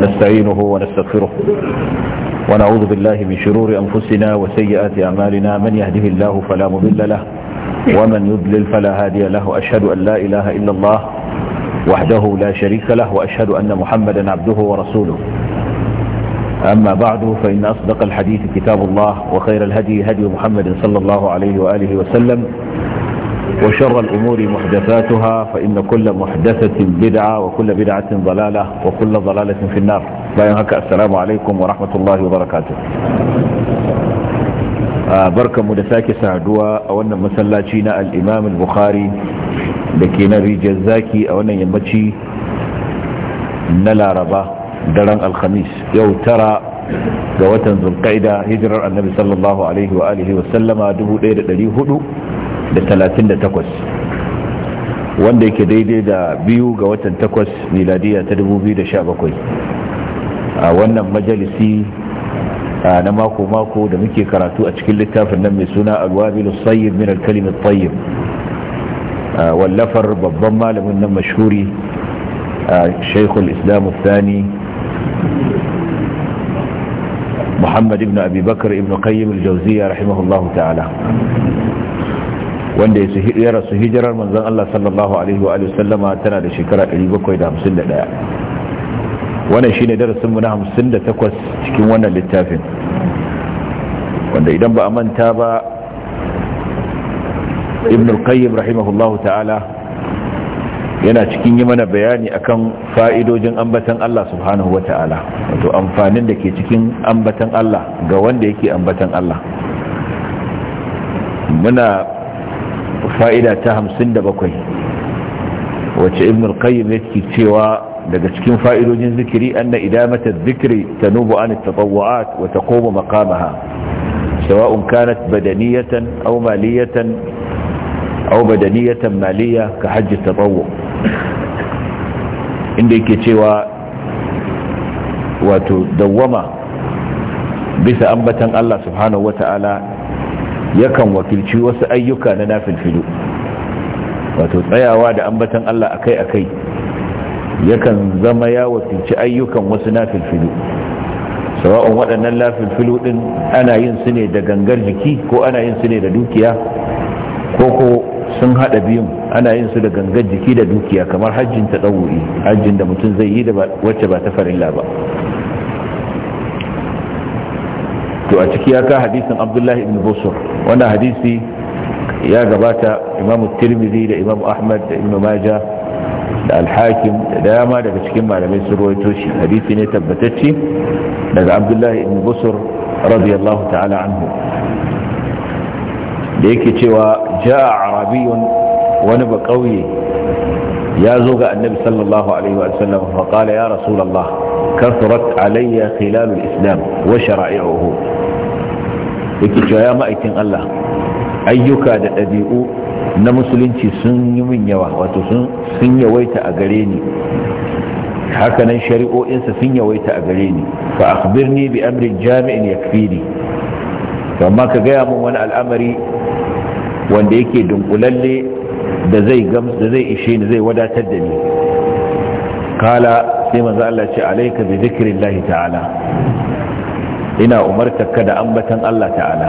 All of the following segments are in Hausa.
نستعينه ونستغفره ونعوذ بالله من شرور أنفسنا وسيئات أعمالنا من يهده الله فلا مضل له ومن يضلل فلا هادي له أشهد أن لا إله إلا الله وحده لا شريك له وأشهد أن محمدا عبده ورسوله أما بعد فإن أصدق الحديث كتاب الله وخير الهدي هدي محمد صلى الله عليه وآله وسلم وشر الأمور محدثاتها فإن كل محدثة بدعة وكل بدعة ضلالة وكل ضلالة في النار بايهك السلام عليكم ورحمة الله وبركاته بركة مدساك سعدوا أولا مسلاتينا الإمام البخاري لكينا ريجا الزاكي أولا يمتشي نلا ربا درن الخميس يو ترى ga watan zulqaida hijirar annabi sallallahu alaihi wa alihi wa sallama 1400 da talatin da takwas wanda yake daidai da biyu ga watan takwas miladiya ta dubu biyu da sha bakwai a wannan majalisi na mako-mako da muke karatu a cikin littafin nan mai suna alwabilu tsayyib min alkalimin tsayyib wallafar babban malamin nan mashhuri shaikhul islam thani muhammad ibn abubakar ibn qayyim al-jawziya rahimahullahu ta'ala wanda ya rasu hijirar manzon Allah sallallahu alaihi wa sallama tana da shekara 751 wannan shine darasin mu na 58 cikin wannan littafin wanda idan ba a manta ba ibn al-qayyim rahimahullahu ta'ala yana cikin yi mana bayani akan fa'idojin ambatan Allah subhanahu wa ta'ala wato amfanin da ke cikin ambatan Allah ga wanda yake ambatan Allah muna fa'ida ta hamsin da bakwai wacce ibn al-qayyim yake cewa daga cikin fa'idojin zikiri anna idamata zikiri ta nubu an at-tatawwu'at koma taqumu maqamaha sawa'un kanat badaniyatan au maliyatan au badaniyatan maliya ka hajji tatawwu inda yake cewa wato dawwama bisa ambatan Allah subhanahu wa ta'ala. yakan wakilci wasu ayyuka na nafilfilu wato tsayawa da ambatan Allah akai-akai yakan zama ya wakilci ayyukan wasu nafilfilu sawa'un waɗannan nafilfilu ɗin ana yin su ne da gangar jiki ko ana yin su ne da dukiya ko ko sun haɗa biyun ana yin su da gangar jiki da dukiya kamar hajjin ta ɗauri hajjin da mutum zai yi da wacce ba ta farilla ba to a ciki ya ka hadisin abdullahi ibn busur wannan hadisi ya gabata imamu tirmidhi da imamu ahmad da ibn majah da alhakim da dama daga cikin malamai sun rawaito shi hadisi ne tabbatacce daga abdullahi ibn busur radiyallahu ta'ala anhu da yake cewa ja'a arabiyun wani ba kauye ya zo ga annabi sallallahu alaihi wa sallam fa qala ya rasulullah kasurat alayya khilalul islam wa shara'i'uhu yake cewa ya ma'aikin Allah ayyuka da ɗabi'u na musulunci sun yi min yawa wato sun yawaita a gare ni hakanan shari'o'insa sun yawaita a gare ni fa akhbirni bi amrin jami'in yakfini to amma ka gaya min wani al'amari wanda yake dunkulalle da zai zai ishe ni zai wadatar da ni kala sai manzo Allah ce alayka bi dhikrillahi ta'ala ina umartarka da ambatan Allah ta'ala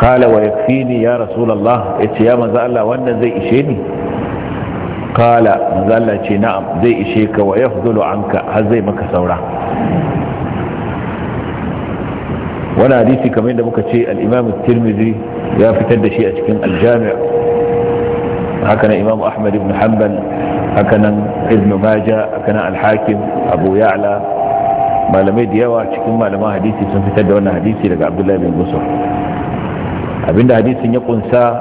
kala wa yakfini ya rasulullah yace ya manzo Allah wannan zai ishe ni kala manzo Allah ce na'am zai ishe ka wa yafdulu anka har zai maka saura wani hadisi kamar da muka ce al-imam tirmidhi ya fitar da shi a cikin aljamia jami haka nan imam ahmad ibn hanbal haka nan ibn majah haka nan al-hakim abu ya'la malamai da yawa cikin malaman hadisi sun fitar da wannan hadisi daga abdullahi bin musul abinda hadisin ya kunsa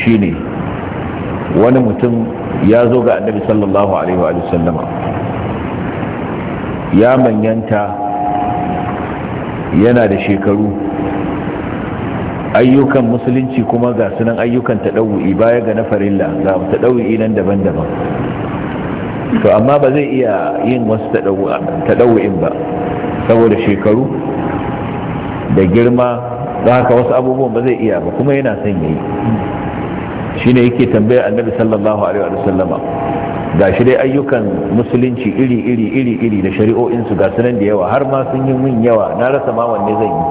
shine wani mutum ya zo ga annabi sallallahu alaihi wa sallama ya manyanta yana da shekaru ayyukan musulunci kuma ga sunan ayyukan ɗau'i baya ga na farilla ga taɗau'i nan daban-daban to amma ba zai iya yin wasu taɗawu'in ba saboda shekaru da girma da haka wasu abubuwan ba zai iya ba kuma yana son yayi shi ne yake tambaya annabi sallallahu alaihi wa sallama ga shi dai ayyukan musulunci iri iri iri iri da shari'o'insu ga sunan da yawa har ma sun yi min yawa na rasa ma wanne zan yi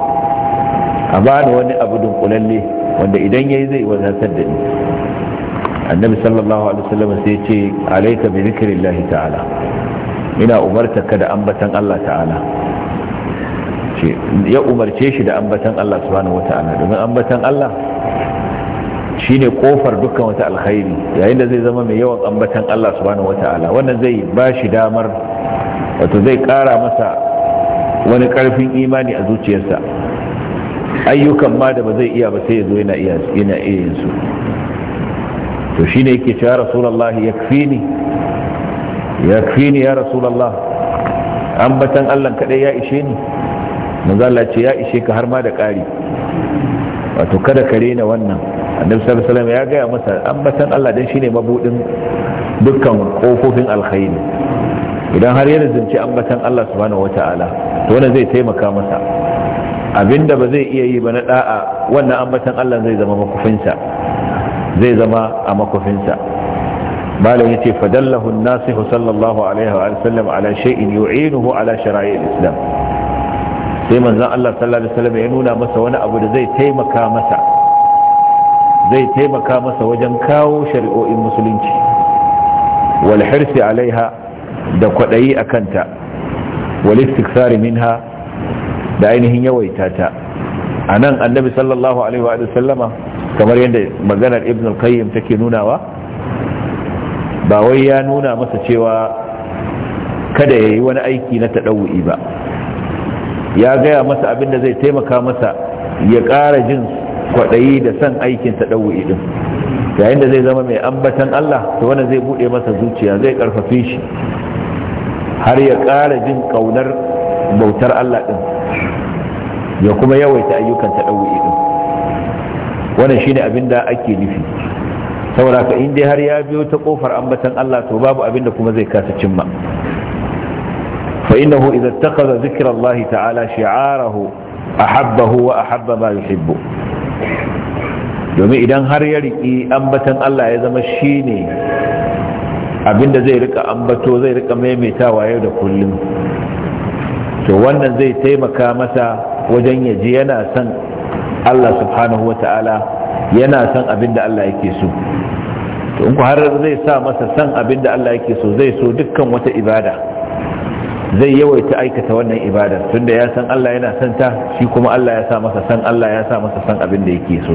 a bani wani abu dunkulalle wanda idan yayi zai wadatar da ni annabi sallallahu alaihi wasallam sai ce alayka bi zikrillah ta'ala ina umartaka da ambatan Allah ta'ala ce ya umarce shi da ambatan Allah subhanahu wata'ala domin ambatan Allah shine kofar dukkan wata alkhairi yayin da zai zama mai yawan ambatan Allah subhanahu wata'ala wannan zai ba shi damar wato zai kara masa wani karfin imani a zuciyarsa ayyukan ma da ba zai iya ba sai ya zo yana iya yin su to shine yake cewa rasulullahi yakfini yakfini ya ni ya rasulallah ambatan Allah kadai ya ishe ni manzo Allah ce ya ishe ka har ma da ƙari wato kada ka rena wannan annabi sallallahu alaihi wasallam ya gaya masa ambatan Allah dan shine mabudin dukkan kofofin alkhairi idan har yana zance ambatan Allah subhanahu wataala to wannan zai taimaka masa abinda ba zai iya yi ba na da'a wannan ambatan Allah zai zama makufinsa zai zama a makofinsa malam yace fadallahu an-nasih sallallahu alaihi wa sallam ala shay'in yu'inuhu ala shara'i al-islam sai manzon Allah sallallahu alaihi wasallam ya nuna masa wani abu da zai taimaka masa zai taimaka masa wajen kawo shari'o'in musulunci wal hirsi alaiha da kwadayi akanta wal istikthari minha da ainihin yawaita ta anan annabi sallallahu alaihi wa sallama kamar yadda maganar ibn al-qayyim take nunawa ba wai ya nuna masa cewa kada ya yi wani aiki na taɗau'i ba ya gaya masa abin da zai taimaka masa ya ƙara jin kwaɗayi da son aikin taɗau'i ɗin yayin da zai zama mai ambatan Allah to wanda zai buɗe masa zuciya zai ƙarfafe shi har ya ƙara jin ƙaunar bautar Allah ɗin ya kuma yawaita ayyukan taɗau'i ɗin wannan shine abin da ake nufi saboda ka in dai har ya biyo ta kofar ambatan Allah to babu abin da kuma zai kasa cimma fa innahu idza ittakhadha dhikra Allah ta'ala shi'arahu ahabbahu wa ahabba ma yuhibbu domin idan har ya riki ambatan Allah ya zama shine abin da zai rika ambato zai rika maimaitawa yau da kullum to wannan zai taimaka masa wajen yaji yana son Allah subhanahu wa ta'ala yana son abin da Allah yake so to in ku har zai sa masa son abin da Allah yake so zai so dukkan wata ibada zai yawaita aikata wannan ibadar tunda ya san Allah yana son ta shi kuma Allah ya sa masa son Allah ya sa masa son abin da yake so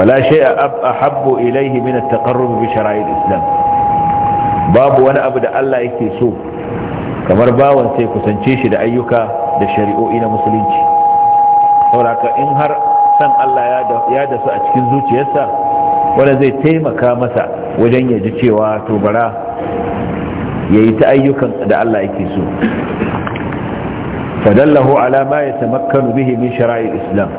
fala a ahabbu ilayhi min at-taqarrub bi shara'il islam babu wani abu da Allah yake so kamar bawan sai kusance shi da ayyuka da shari'o'i na musulunci sauraka in har san Allah ya dasu a cikin zuciyarsa wanda zai taimaka masa wajen ya ji cewa to bara ya yi ta ayyukan da Allah yake so fadallahu ala ma ya tamakkanu bihi min shara'i islam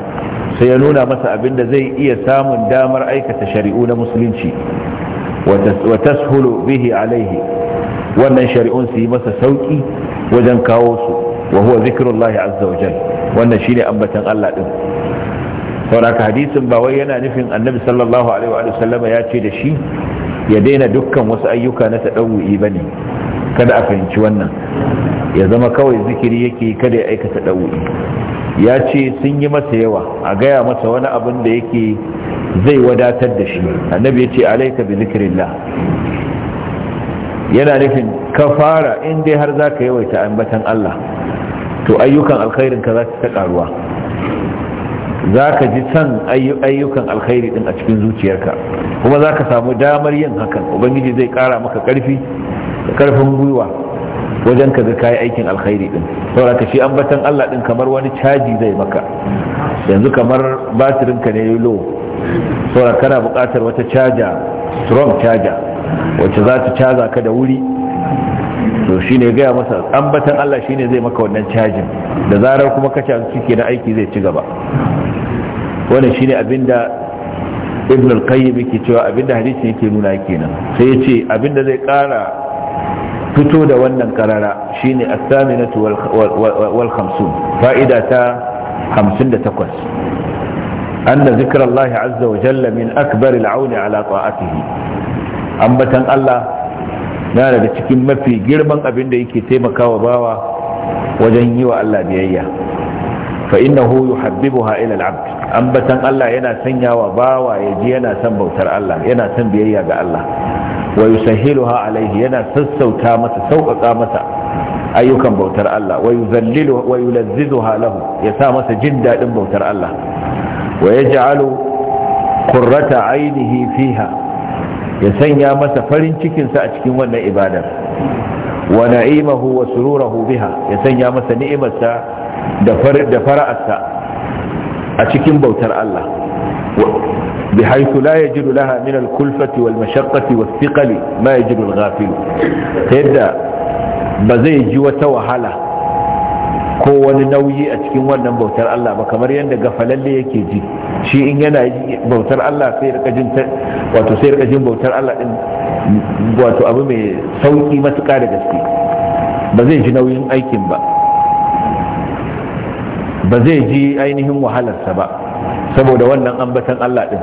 sai ya nuna masa abin da zai iya samun damar aikata shari'u na musulunci wa tashulu bihi alaihi wannan shari'un su yi masa sauki wajen kawo su wa huwa zikrullahi azza wa jalla wannan shine ambatan Allah din saboda hadisin ba wai yana nufin annabi sallallahu alaihi wa sallama ya ce da shi ya daina dukkan wasu ayyuka na ba bane kada a fahimci wannan ya zama kawai zikiri yake kada ya aikata ɗa'u'i. ya ce sun yi masa yawa a gaya masa wani abin da yake zai wadatar da shi annabi ya ce alaika bi zikrillah yana nufin ka fara in dai har zaka yawaita ambatan Allah to ayyukan alkhairin ka za su ta karuwa za ka ji san ayyukan alkhairi din a cikin zuciyarka kuma za ka samu damar yin hakan ubangiji zai kara maka karfi da karfin gwiwa wajen ka ga yi aikin alkhairi din saboda ka shi ambatan Allah din kamar wani caji zai maka yanzu kamar batirin ka ne yalo saboda kana buƙatar wata caja strong caja wacce za ta caza ka da wuri so shi ne gaya masa ambatan Allah shi ne zai maka wannan cajin da zarar kuma ka caji ciki na aiki zai ci gaba wannan shi ne abinda ibn al-qayyim yake cewa abinda hadisin yake nuna kenan sai ya ce abinda zai kara fito da wannan karara shine as-saminatu wal khamsun fa'ida ta 58 anna zikra Allah azza wa jalla min akbar al auni ala ta'atihi ambatan Allah na daga cikin mafi girman abin da yake taimakawa bawa wajen yi wa Allah biyayya fa innahu yuhabbibuha ila al-abd ambatan Allah yana sanyawa bawa ya ji yana son bautar Allah yana son biyayya ga Allah wa yusahhiluha alaihi yana sassauta masa sauƙaƙa masa ayyukan bautar Allah wa yuzallilu wa yulazzizuha lahu ya sa masa jin dadin bautar Allah wa yaj'alu qurrata ainihi fiha ya sanya masa farin cikinsa a cikin wannan ibadar wa na'imahu wa sururahu biha ya sanya masa ni'imarsa da fara'arsa a cikin bautar Allah bi haythu la yajidu laha min al-kulfati wal mashaqqati was thiqali ma yajidu al-ghafil yadda ba zai ji wata wahala ko wani nauyi a cikin wannan bautar Allah ba kamar yadda gafalalle yake ji shi in yana bautar Allah sai rika jin wato sai rika jin bautar Allah din wato abu mai sauki matuƙa da gaske ba zai ji nauyin aikin ba ba zai ji ainihin wahalarsa ba saboda wannan ambatan Allah din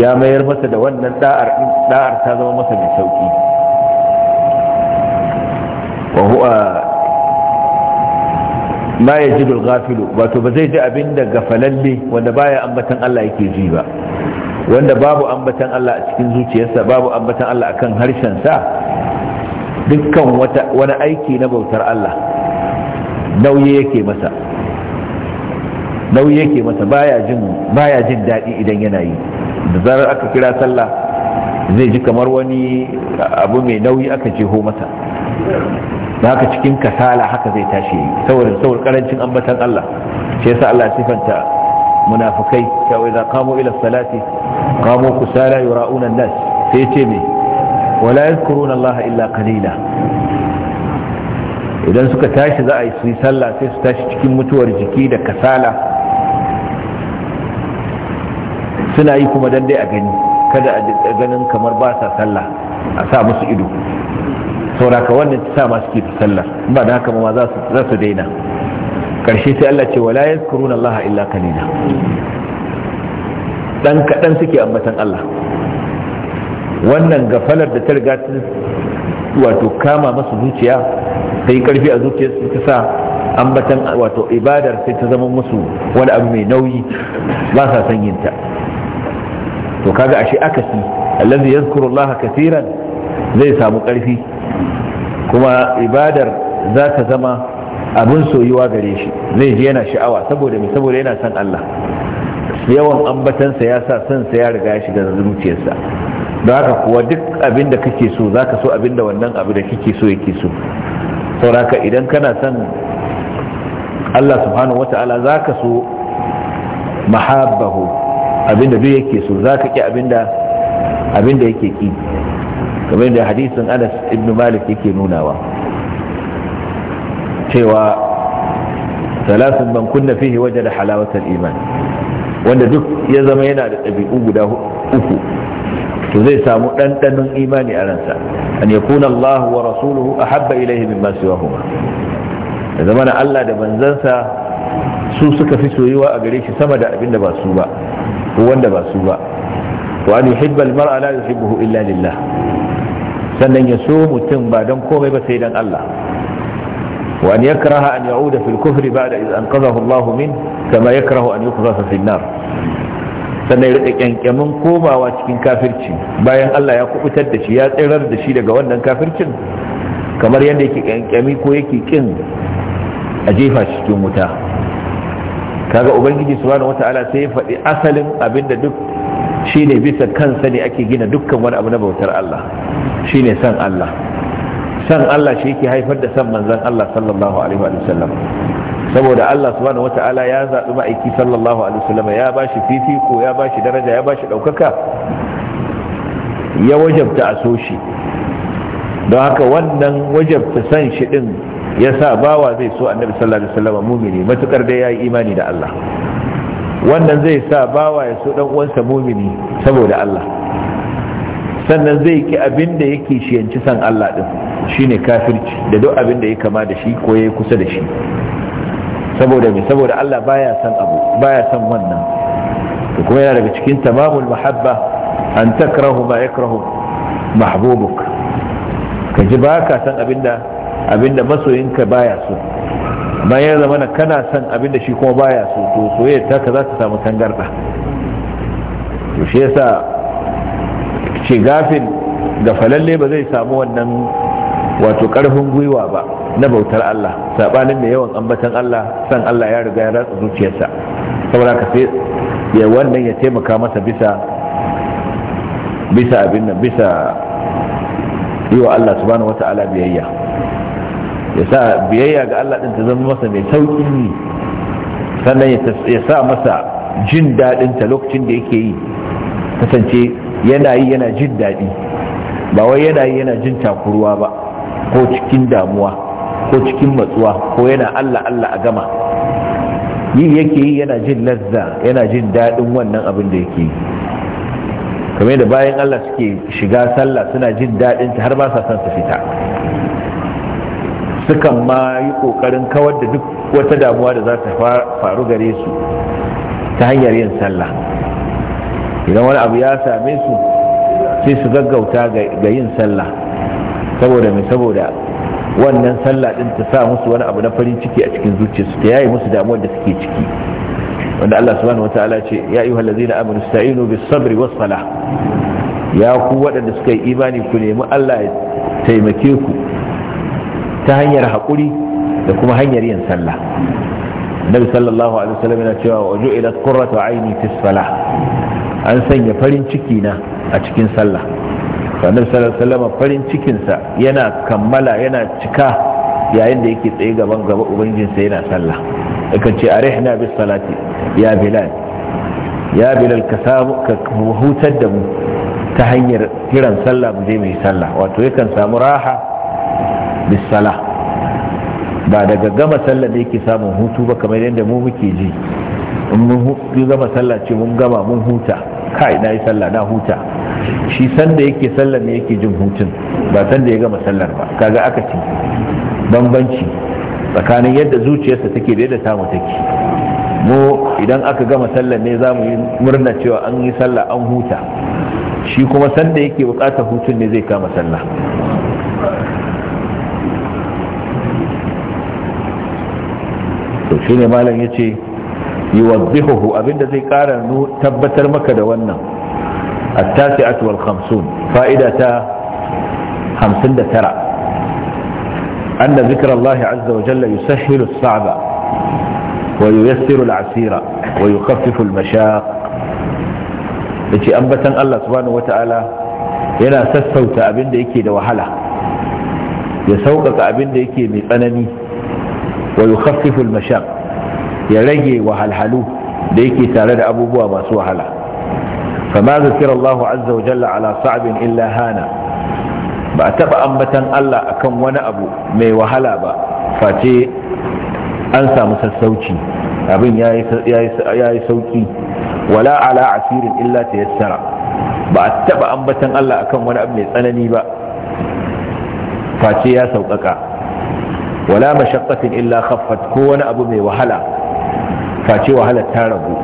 ya mayar masa da wannan da'ar da'ar ta zama masa mai sauki wa huwa ma ya ji gafilu wato ba zai ji abin da gafalalle wanda baya ambatan Allah yake ji ba wanda babu ambatan Allah a cikin zuciyarsa babu ambatan Allah akan harshensa dukkan wani aiki na bautar Allah nauyi yake masa nauyi yake masa baya jin baya jin daɗi idan yana yi da zarar aka kira sallah zai ji kamar wani abu mai nauyi aka jeho masa da haka cikin kasala haka zai tashi saboda Saurin karancin ambatan Allah shi yasa Allah sifanta munafikai cewa idza kamo ila salati kamo kusala yura'una an-nas sai ce me wala kuruna Allah illa qalila idan suka tashi za a yi su sallah sai su tashi cikin mutuwar jiki da kasala suna yi kuma dandai a gani kada a ganin kamar ba sa sallah a sa musu ido sauraka wannan ta sa ma suke ta sallah, ba da haka ma za su daina karshe sai Allah ce wala yazkuruna Allah illa kalila dan kadan suke ambatan Allah wannan gafalar da ta riga ta wato kama masu zuciya ta yi karfi a zuciyarsu ta sa ambatan wato ibadar sai ta zama musu wani abu mai nauyi ba sa son ta to kaga ashe akasi allazi yazkuru Allah kaseeran zai samu karfi kuma ibadar za ta zama abin soyuwa gare shi zai ji yana sha'awa saboda mai saboda yana son Allah yawan ambatansa ya sa son sa ya riga ya shiga zuciyarsa don haka kuwa duk abin da kake so za ka so abin da wannan abu da kake so yake so sauraka idan kana son Allah subhanahu wata'ala ka so mahabbahu abin da duk yake so ka ki abin abin da yake ki kamar da hadisin anas ibn malik yake nunawa cewa salasun ban kunna fihi waje da halawatar iman wanda duk ya zama yana da ɗabi'u guda uku to zai samu ɗanɗanon imani a ransa an ya kuna Allah wa rasuluhu a habba ilaihi min masu yawahuma da zama na Allah da manzansa su suka fi soyuwa a gare shi sama da abin da ba su ba ko wanda ba su ba wa an yuhibba al-mar'a la yuhibbuhu illa lillah sannan ya so mutum ba don komai ba sai don Allah wa an yakraha an ya'uda fil kufri ba'da iz anqadhahu Allah min kama yakrahu an yuqdhasa fi nar sannan ya kyankyamin komawa cikin kafirci bayan Allah ya kubutar da shi ya tsirar da shi daga wannan kafircin kamar yadda yake kyankyami ko yake kin a jefa cikin wuta kaga ubangiji subhanahu wataala sai ya faɗi asalin abinda duk shi ne bisa kansa ne ake gina dukkan wani abu na bautar Allah shi ne san Allah san Allah shi yake haifar da san manzan Allah sallallahu alaihi wa sallam saboda Allah subhanahu ya zaɓi ma'aiki sallallahu alaihi wa sallam ya ba shi fifiko ya ba shi daraja ya ba shi ɗaukaka ya wajabta a so shi don haka wannan wajabta san shi ɗin ya sa bawa zai so annabi sallallahu alaihi wa sallam mumini matukar dai ya yi imani da Allah wannan zai sa bawa ya so dan uwansa mumini saboda Allah sannan zai ki abin da yake shiyanci san Allah din shine kafirci da duk abin da ya kama da shi ko ya kusa da shi saboda me saboda Allah baya san abu baya san wannan to kuma yana daga cikin tamamul mahabba an takrahu ma yakrahu mahbubuk ka ji baka san abinda abinda masoyinka baya so amma ya zama na kana son abin da shi kuma baya su to soyayya ta ka za ta samu tangarda to shi yasa ce gafin ga falalle ba zai samu wannan wato karfin gwiwa ba na bautar Allah sabanin mai yawan ambatan Allah san Allah ya riga ya ratsa zuciyarsa saboda ka sai ya wannan ya taimaka masa bisa bisa abin nan bisa yi wa Allah subhanahu wata'ala biyayya ya sa biyayya ga Allah ɗin ta zama masa mai sauƙi ne sannan ya sa masa jin daɗin ta lokacin da yake yi kasance yana yi yana jin daɗi ba wai yana yi yana jin takuruwa ba ko cikin damuwa ko cikin matsuwa ko yana Allah Allah a gama yi yake yi yana jin lazza yana jin daɗin wannan abin da yake yi kamar da bayan Allah suke shiga sallah suna jin daɗin ta har ba sa son su fita sukan ma yi kokarin kawar da duk wata damuwa da za ta faru gare su ta hanyar yin sallah idan wani abu ya same su sai su gaggauta ga yin sallah saboda mai saboda wannan sallah din ta sa musu wani abu na farin ciki a cikin zuciyarsu ta yayi musu damuwar da suke ciki wanda Allah subhanahu wataala ce ya ayyuhal ladzina amanu ista'inu bis sabri was salah ya ku waɗanda suka yi imani ku nemi Allah ya taimake ku ta hanyar haƙuri da kuma hanyar yin sallah annabi sallallahu alaihi wasallam yana cewa wa ju'ilat qurratu aini fi salah an sanya farin ciki na a cikin sallah annabi sallallahu alaihi wasallam farin cikin sa yana kammala yana cika yayin da yake tsaye gaban gaba ubangijinsa yana sallah yakan ce arihna bis salati ya bilal ya bilal ka samu ka hutar da mu ta hanyar kiran sallah mu je mu yi sallah wato yakan samu raha bisala ba daga gama sallah ne yake samun hutu ba kamar yadda mu muke ji in mun gama sallah ce mun gama mun huta kai na yi sallah na huta shi sanda yake sallah ne yake jin hutun ba sanda ya gama sallar ba kaga aka ci bambanci tsakanin yadda zuciyarsa take da yadda tamu take mu idan aka gama sallah ne za mu yi murna cewa an yi sallah an huta shi kuma sanda yake bukatar hutun ne zai kama sallah to shi ne malam ya ce yi wazihuhu abinda zai kara tabbatar maka da wannan attasi atuwal hamsin fa'ida ta hamsin da tara an da zikir Allah azza wa jalla yi sahilu sa'aba wa yi yassiru al'asira wa yi kafifu al-mashaq da ce ambatan Allah subhanahu wa ta'ala yana sassauta abinda yake da wahala ya sauƙaƙa abinda yake mai tsanani wa yukhaffifu al-mashaq ya rage wahalhalu da yake tare da abubuwa masu wahala fama zakira Allah azza wa jalla ala sa'bin illa hana ba a taɓa ambatan Allah a kan wani abu mai wahala ba face an samu sassauci abin ya yi sauki wala ala asirin illa tayassara ba a taɓa ambatan Allah a kan wani abu mai tsanani ba face ya sauƙaƙa wala mashaqqatin illa khaffat ko wani abu mai wahala face wahala ta ragu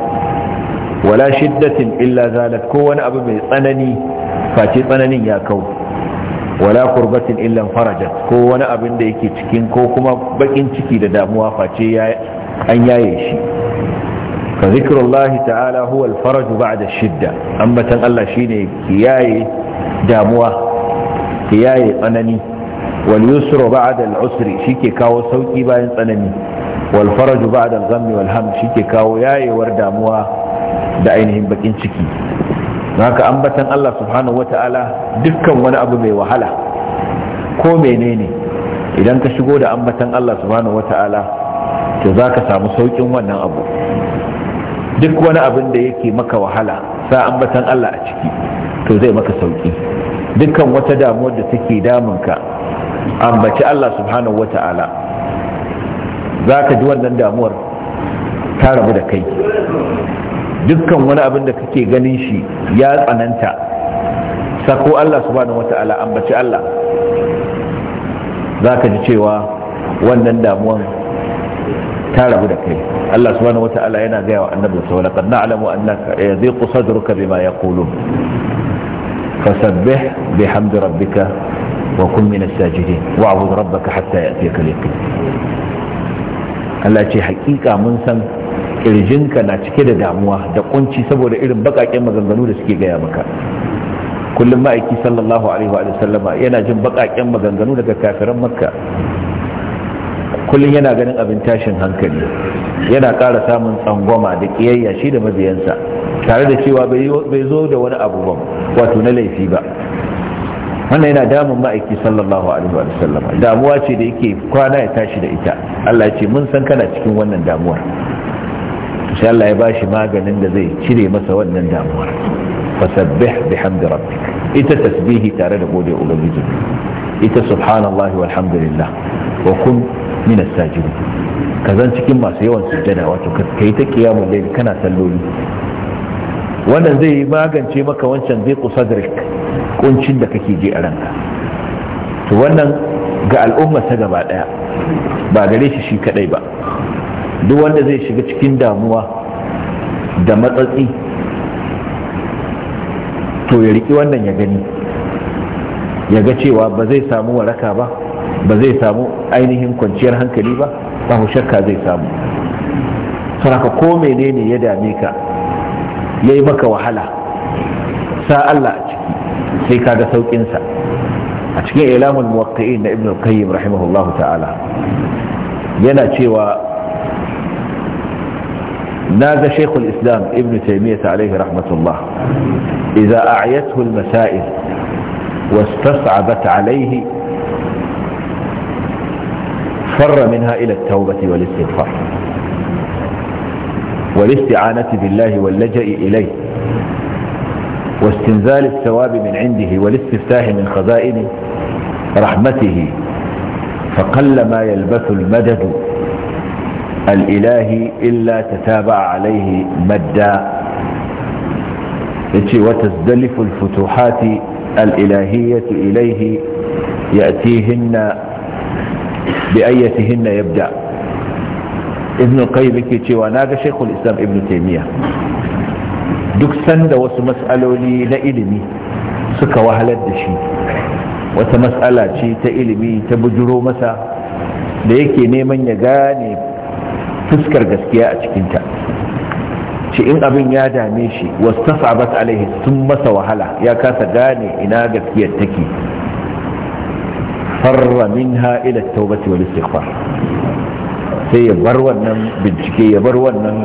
wala shiddatin illa zalat ko wani abu mai tsanani face tsananin ya kau wala kurbatin illan farajat ko wani abin da yake cikin ko kuma baƙin ciki da damuwa face an yaye shi fa zikrullahi ta'ala huwal al-faraj ba'da shidda ambatan Allah shine kiyaye damuwa kiyaye tsanani wal yusru ba'da al usri kawo sauki bayan tsanani wal faraju ba'da al ghammi wal kawo yayewar damuwa da ainihin bakin ciki haka ambatan Allah subhanahu wata'ala dukkan wani abu mai wahala ko menene idan ka shigo da ambatan Allah subhanahu wata'ala to zaka samu saukin wannan abu duk wani abin da yake maka wahala sa ambatan Allah a ciki to zai maka sauki dukkan wata damuwar da take ka. ambaci Allah subhanahu wa ta'ala za ka ji wannan damuwar ta rabu da kai dukkan wani abin da kake ganin shi ya tsananta sako Allah subhanahu wa ta'ala ambaci Allah za ka ji cewa wannan damuwar ta rabu da kai Allah subhanahu wa ta'ala yana gaya wa annabi sallallahu na wasallam na'lamu annaka yadhiqu sadruka bima yaqulun fasabbih bihamdi rabbika وكن من الساجدين واعبد ربك حتى يأتيك اليقين Allah ce hakika mun san kirjinka na cike da damuwa da kunci saboda irin bakaken maganganu da suke gaya maka kullum ma'aiki sallallahu alaihi wa sallama yana jin bakaken maganganu daga kafiran makka kullum yana ganin abin tashin hankali yana ƙara samun tsangwama da ƙiyayya shi da mabiyansa tare da cewa bai zo da wani abu wato na laifi ba wannan yana damun ma'aiki sallallahu alaihi wa sallam damuwa ce da yake kwana ya tashi da ita Allah ya ce mun san kana cikin wannan damuwar sai Allah ya bashi maganin da zai cire masa wannan damuwar fasabbih bihamdi rabbik ita tasbihi tare da godiya ubangiji ita subhanallahi walhamdulillah wa kun min as-sajidin kazan cikin masu yawan sujjada wato kai ta qiyamul layl kana salloli wannan zai magance maka wancan zai kusadrik kuncin da kake ji a ranka to wannan ga al'umma ta gaba daya ba gare shi shi kadai ba duk wanda zai shiga cikin damuwa da matsatsi to ya riki wannan ya gani ya ga cewa ba zai samu waraka ba ba zai samu ainihin kwanciyar hankali ba babu shakka zai samu saraka ko menene ya dame ka ya yi maka wahala sa Allah sai kaga saukinsa a cikin ilamul muwaqqi'in na ibn qayyim rahimahullahu ta'ala yana cewa na ga shaykhul islam ibn taymiyyah alayhi rahmatullah idza a'yathu al-masail wastas'abat alayhi فر wal istighfar wal isti'anati billahi wal laja'i ilayhi واستنزال الثواب من عنده والاستفتاح من خزائن رحمته فقل ما يلبث المدد الإلهي إلا تتابع عليه مدا وتزدلف الفتوحات الإلهية إليه يأتيهن بأيتهن يبدأ ابن القيم يتي وناقى شيخ الإسلام ابن تيمية duk sanda wasu matsaloli na ilimi suka wahalar da shi wata matsala ce ta ilimi ta bujuro masa da yake neman ya gane fuskar gaskiya a cikinta ce in abin ya dame shi wasu tasabat alaihi sun masa wahala ya kasa gane ina gaskiyar take farra minha ila taubati wal istighfar sai ya bar wannan bincike ya bar wannan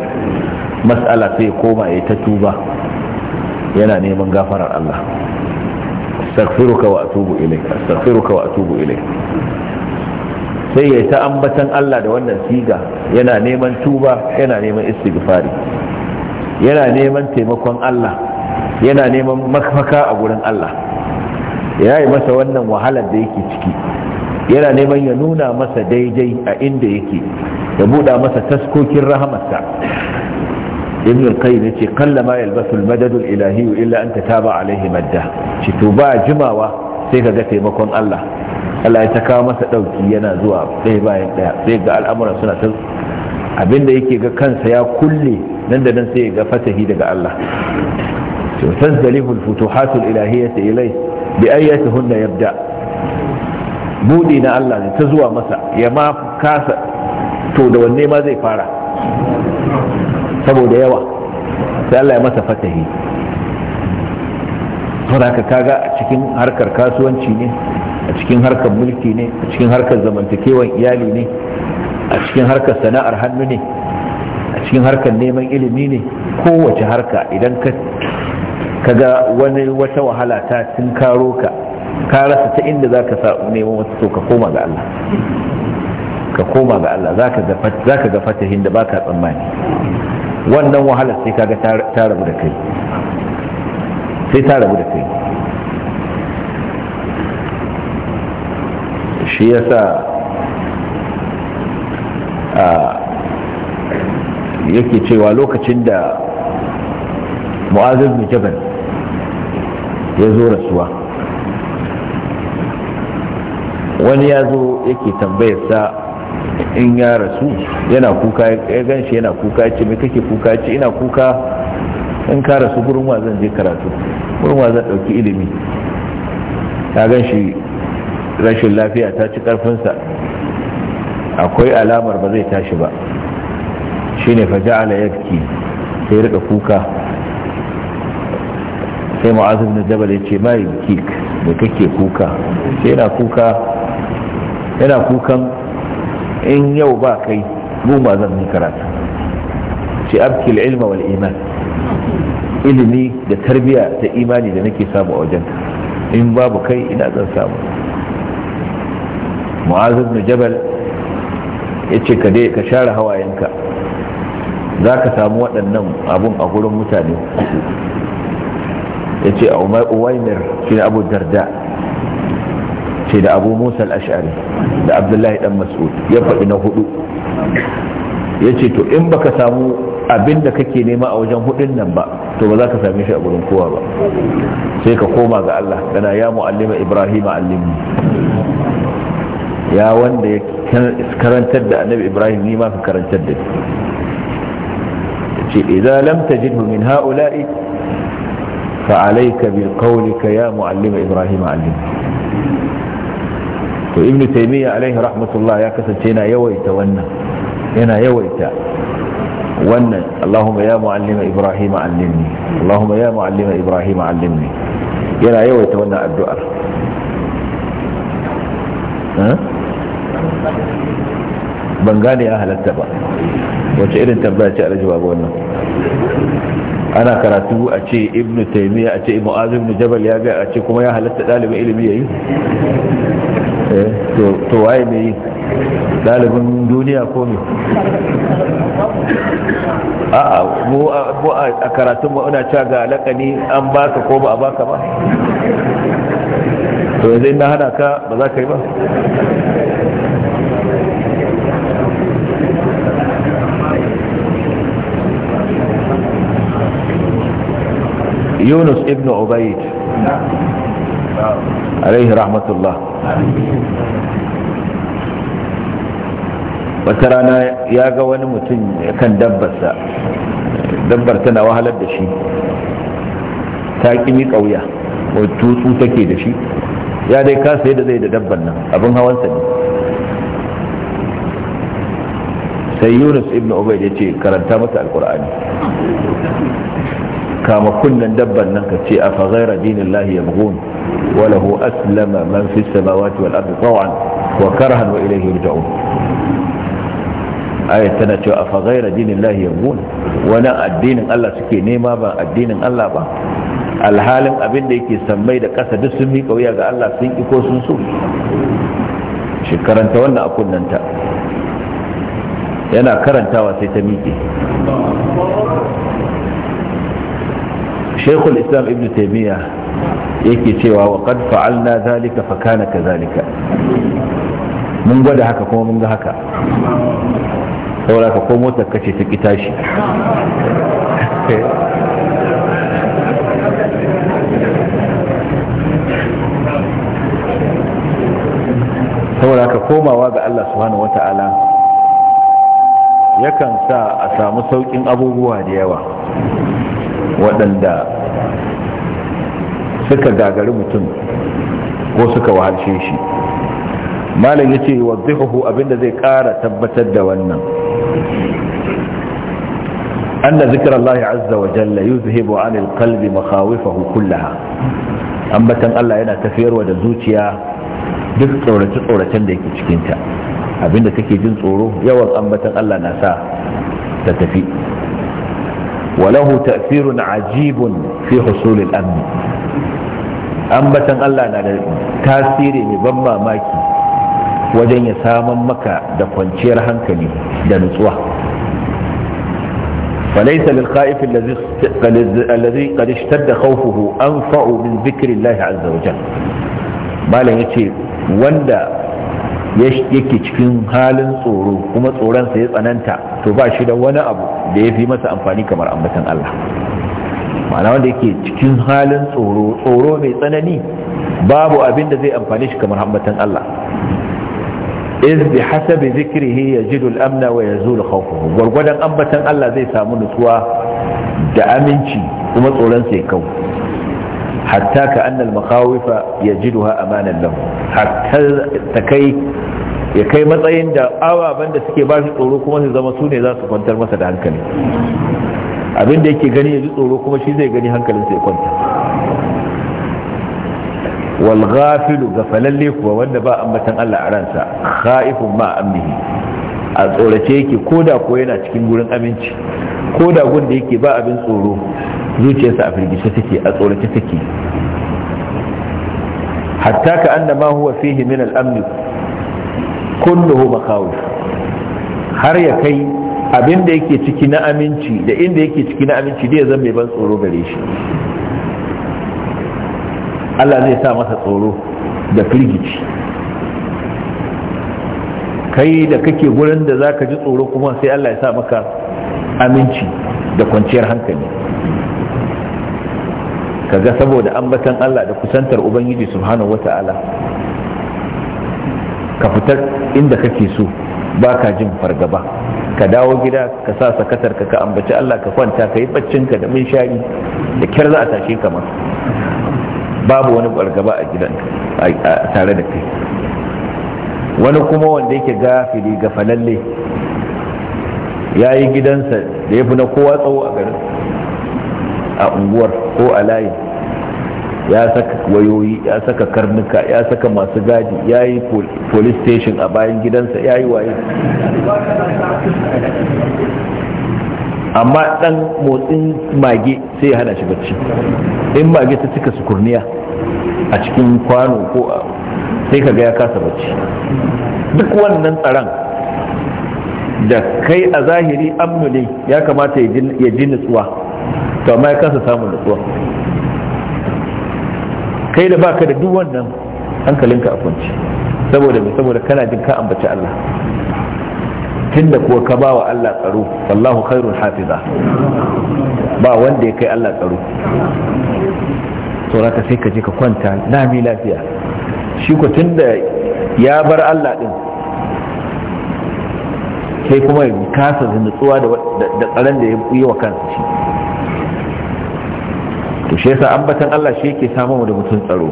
matsala sai ya koma ya ta tuba yana neman gafarar Allah astaghfiruka wa atubu ilaik astaghfiruka sai ya ta ambatan Allah da wannan siga yana neman tuba yana neman istighfari yana neman taimakon Allah yana neman mafaka a gurin Allah ya yi masa wannan wahalar da yake ciki yana neman ya nuna masa daidai a inda yake ya buɗa masa taskokin rahamarsa ibn al-qayyim yace kallama ma yalbasu al-madad al-ilahi illa an tataba alayhi madda ci to ba jimawa sai kaga taimakon Allah Allah ya taka masa dauki yana zuwa sai bayan ɗaya sai ga al'amuran suna ta abinda yake ga kansa ya kulle nan da nan sai ya ga fatahi daga Allah to tazdalihu al-futuhat al-ilahiyyah ilayhi bi ayyatihunna yabda' buɗe na Allah ne ta zuwa masa ya ma kasa to da wanne ma zai fara saboda yawa sai Allah ya masa fatahi saboda kaga a cikin harkar kasuwanci ne a cikin harkar mulki ne a cikin harkar zamantakewan iyali ne a cikin harkar sana'ar hannu ne a cikin harkar neman ilimi ne kowace harka idan ka kaga wani wata wahala ta tunkaro ka ka rasa ta inda za ka nemo wata so ka koma ga Allah ka koma ga Allah za ka ga fatahin da ba ka tsammani wannan wahala sai ga ta rabu da kai sai ta rabu da kai shi ya yasa yake cewa lokacin da mu'azir bin jabal ya zo rasuwa wani ya zo yake tambayarsa in ya rasu yana kuka ya gan shi yana kuka ce mai kake kuka ce ina kuka in ka rasu gurin wa zan je karatu gurin wa zan ɗauki ilimi ta gan shi rashin lafiya ta ci ƙarfinsa akwai alamar ba zai tashi ba shi ne faja'ala yabki sai rika kuka sai ma'azin na jabal ya ce ma yi kik da kake kuka sai na kuka yana kukan in yau ba kai mu ba zan yi karatu ce abkil ilma wal iman ilimi da tarbiyya ta imani da nake samu a wajen in babu kai ina zan samu mu'azu jabal yace ka ka share hawayenka zaka samu waɗannan abun a gurin mutane yace a umaymir shi abu darda ce da abu musa al-ash'ari da abdullahi dan mas'ud ya faɗi na hudu ya ce to in baka samu abin da kake nema a wajen hudun nan ba to ba za ka same shi a gurin kowa ba sai ka koma ga Allah kana ya mu'allima ibrahim allimni ya wanda ya karantar da annabi ibrahim ni ma ka karantar da ce idza lam tajidhu min ha'ula'i fa alayka bil qawli ya mu'allima ibrahim allimni to ibnu taymiya alaihi rahmatullah ya kasance yana yawaita wannan yana yawaita wannan allahumma ya muallima ibrahim allimni allahumma ya muallima ibrahim allimni yana yawaita wannan addu'ar ban gane ya halatta ba wace irin tambaya ce a alajiwa ba wannan ana karatu a ce Ibn taymiya a ce ibnu azim ibn jabal ya ga a ce kuma ya halatta dalibin ilimi ya yi. Eh, to waye mai yi dalibin duniya ko ne a a karatun mu una ca ga alakani an baka ko ba a baka ba to yanzu na hana ka ba za ka yi ba yunus ibn ubaid alaihi rahmatullah wata rana ya ga wani mutum kan dabbarsa dabbar tana wahalar da shi ta kimi kauya tutsu take da shi ya dai kasa yadda zai da dabbar nan abin hawansa ne sai yunus ibn ubaid ya ce karanta masa alkur'ani kama kunnan dabban nan ka ce a fa ghaira dinillahi yabghun wala lahu aslama man fi samawati wal ardi taw'an wa karhan wa ilayhi yurja'un ayat tana cewa a fa ghaira dinillahi yabghun wani addinin Allah suke nema ba addinin Allah ba alhalin abin da yake sammai da ƙasa duk sun miƙa wuya ga Allah sun iko sun so shi karanta wannan a kunnanta yana karantawa sai ta miƙe shaykhul islam ibn taimiyya yake cewa wa qad fa'alna zalika fa kana kadhalika mun gwada haka kuma mun ga haka saboda ka ko mota kace ta kita shi saboda ka komawa ga Allah subhanahu wata'ala yakan sa a samu saukin abubuwa da yawa waɗanda suka gagari mutum ko suka wahalshe shi malam ya ce waddihuhu abinda zai ƙara tabbatar da wannan anna ذكر الله عز وجل يذهب عن القلب مخاوفه كلها أما Ambatan Allah yana tafiyar wa da zuciya duk tsorace-tsoracen da yake cikinta abinda take jin tsoro yawan ambatan Allah na sa ta tafi walahu ta'sirun ajibun fi husulil amn ambatan Allah na da tasiri mai ban mamaki wajen ya saman maka da kwanciyar hankali da nutsuwa فليس للخائف الذي الذي قد اشتد خوفه انفع من ذكر الله عز وجل ما لا يتي وندا yake cikin halin tsoro kuma tsoronsa ya tsananta to ba shi da wani abu da ya fi masa amfani kamar ambatan Allah ma'ana wanda yake cikin halin tsoro tsoro mai tsanani babu abin da zai amfani shi kamar ambatan Allah iz bi hasabi zikrihi yajidu al-amna wa yazulu khawfuhu ambatan Allah zai samu nutsuwa da aminci kuma tsoronsa ya kau حتى كأن المخاوف يجدها أمانا له حتى تكي ya kai matsayin da ababen da suke ba shi tsoro kuma su zama su ne za su kwantar masa da hankali abin da yake gani ya ji tsoro kuma shi zai gani hankalin sai kwanta wal ghafilu gafalalle kuwa wanda ba ambatan Allah a ransa khaifun ma amnihi a tsorace yake koda ko yana cikin gurin aminci koda gun yake ba abin tsoro zuciyarsa a firgice take a tsorace take hatta ka annama huwa fihi min al-amn kulluhu bakawi har ya kai abin da yake ciki na aminci da inda yake ciki na aminci da ya zan mai ban tsoro gare shi Allah zai sa masa tsoro da firgici kai da kake gurin da zaka ji tsoro kuma sai Allah ya sa maka aminci da kwanciyar hankali kaga saboda ambatan Allah da kusantar Ubangiji subhanahu wata'ala ka fitar inda kake so ba ka jin fargaba ka dawo gida ka sa sakatar ka ka ambaci Allah ka kwanta ka yi baccin ka da shari da kyar za a tashe ka ma babu wani fargaba a gidan a tare da kai wani kuma wanda yake gafili ga falalle ya yi gidansa da ya fi na kowa tsawo a garin a unguwar ko a layi. ya saka wayoyi ya saka karnuka ya saka masu gadi ya yi police station a bayan gidansa ya yi waye amma dan motsin mage sai ya hana shi bacci in mage ta cika su kurniya a cikin kwano ko sai ka ga ya kasa bacci duk wannan tsaron da kai a zahiri amnu ne ya kamata ya ji nutsuwa to amma ya kasa samun nutsuwa kai da baka da duk wannan hankalinka a kwance saboda me saboda kana jin ka ambaci Allah tunda kuwa ka ba wa Allah tsaro wallahu khairul hafiza ba wanda ya kai Allah tsaro sauraka sai ka je ka kwanta mi lafiya shi tunda ya bar Allah din sai kuma ya kasa nutsuwa da tsaron da ya yi wa kansa shi to shi yasa ambatan Allah shi yake samu da mutum tsaro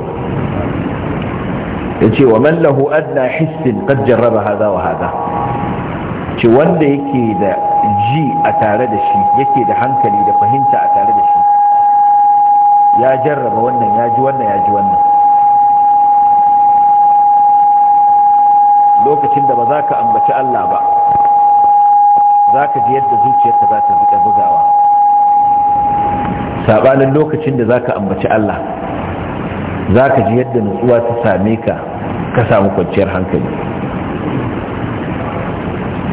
yace wa man lahu adna hissin qad jarraba wa hadha ce wanda yake da ji a tare da shi yake da hankali da fahimta a tare da shi ya jarraba wannan ya ji wannan ya ji wannan lokacin da ba za ka ambaci Allah ba za ka ji yadda zuciyarka za ta bugawa sabanin lokacin da zaka ambaci Allah zaka ji yadda nutsuwa ta same ka ka samu kwanciyar hankali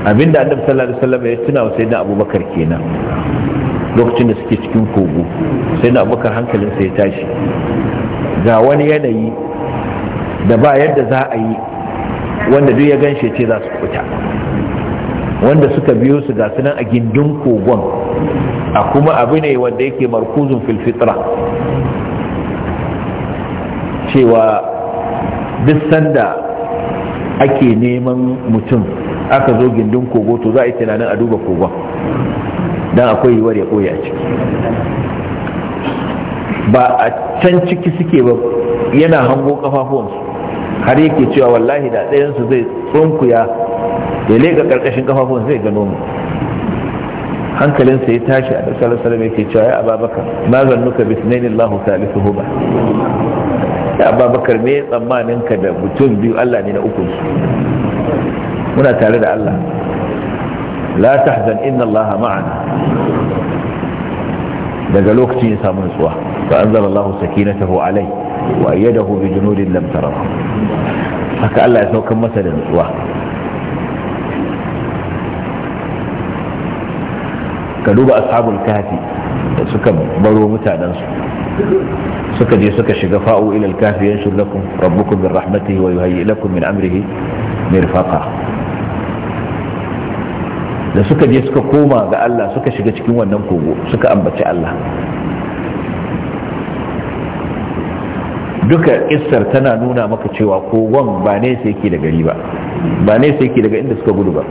abinda annabi sallallahu alaihi wasallam ya tuna wa sayyidina abubakar kenan lokacin da suke cikin kogo sayyidina abubakar hankalin sa ya tashi ga wani yanayi da ba yadda za a yi wanda duk ya ganshe ce za su kuta wanda suka biyo su ga sunan a gindin kogon a kuma abu ne wanda yake markuzun filfitra, fitra cewa duk sanda ake neman mutum aka zo gindin kogo to za a yi tunanin a duba kogon don akwai yiwuwar ya koya ciki ba a can ciki suke ba yana hango kafafuwansu har yake cewa wallahi da ɗayansu zai tsunkuya ya leƙa ƙarƙashin kafafuwansu zai gano mu Hankalin hankalinsa ya tashi a ɗarsar salama yake cewa ya ababakar ma zannuka bisnaini allahu salisu huma ya ababakar me tsammanin ka da mutum biyu allah ne na ukun su muna tare da allah la tahzan inna allah ma'ana daga lokacin ya samu nutsuwa fa anzala allah sakinatahu alai wa ayyadahu bi junudin lam tarahu haka allah ya saukan masa da nutsuwa ka duba ashabul kafi da suka baro mutanensu suka je suka shiga fa'u ila al-kafi yanshur lakum rabbukum bir rahmatihi wa yuhayyi lakum min amrihi mirfaqa da suka je suka koma ga Allah suka shiga cikin wannan kogo suka ambaci Allah duka kissar tana nuna maka cewa kogon ba ne sai yake da gari ba ba ne sai yake daga inda suka gudu ba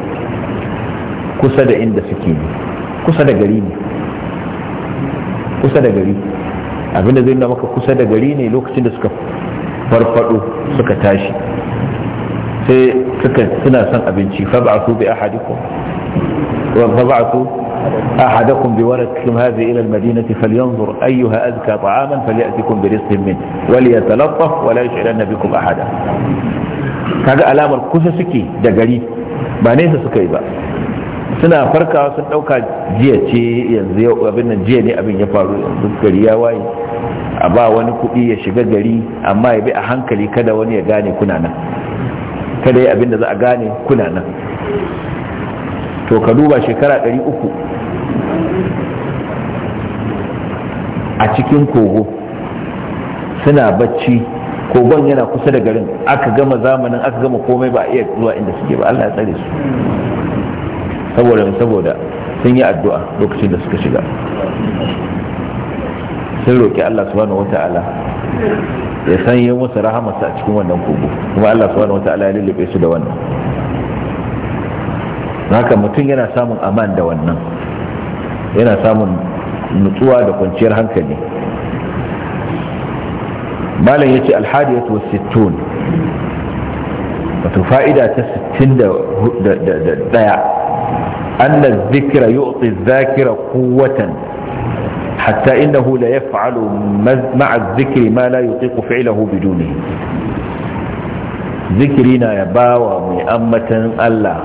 kusa da inda suke ne kusa da gari ne kusa da gari abinda zai nuna maka kusa da gari ne lokacin da suka farfado suka tashi sai suka suna son abinci fa ba ba'athu bi ahadikum wa fa ba ba'athu ahadakum bi warqikum hadhihi ila almadinati falyanzur ayyuha azka ta'aman falyatikum bi rizqin min wa liyatalaffaf wa la yush'iranna bikum ahada kaga alamar kusa suke da gari ba nesa suka yi ba suna farkawa sun dauka jiya ce yanzu abin nan jiya ne abin ya faru yanzu gari ya waye a ba wani kuɗi ya shiga gari amma ya bi a hankali kada wani ya gane kuna nan kada ya abin da za a gane kuna nan to ka duba shekara uku a cikin kogo suna bacci kogon yana kusa da garin aka gama zamanin aka gama komai ba a iya zuwa inda suke ba allah ya tsare su saboda saboda sun yi addu'a lokacin da suka shiga sun roƙi Allah subhanahu wata'ala ya sanya musu rahamarsa a cikin wannan kogo kuma Allah subhanahu wata'ala ya lullube su da wannan haka mutum yana samun aman da wannan yana samun nutsuwa da kwanciyar hankali malam ya ce alhadiyatu sittun wato fa'ida ta da daya. أن الذكر يعطي الذاكر قوة حتى إنه لا يفعل مع الذكر ما لا يطيق فعله بدونه ذكري na ya ba wa mai Allah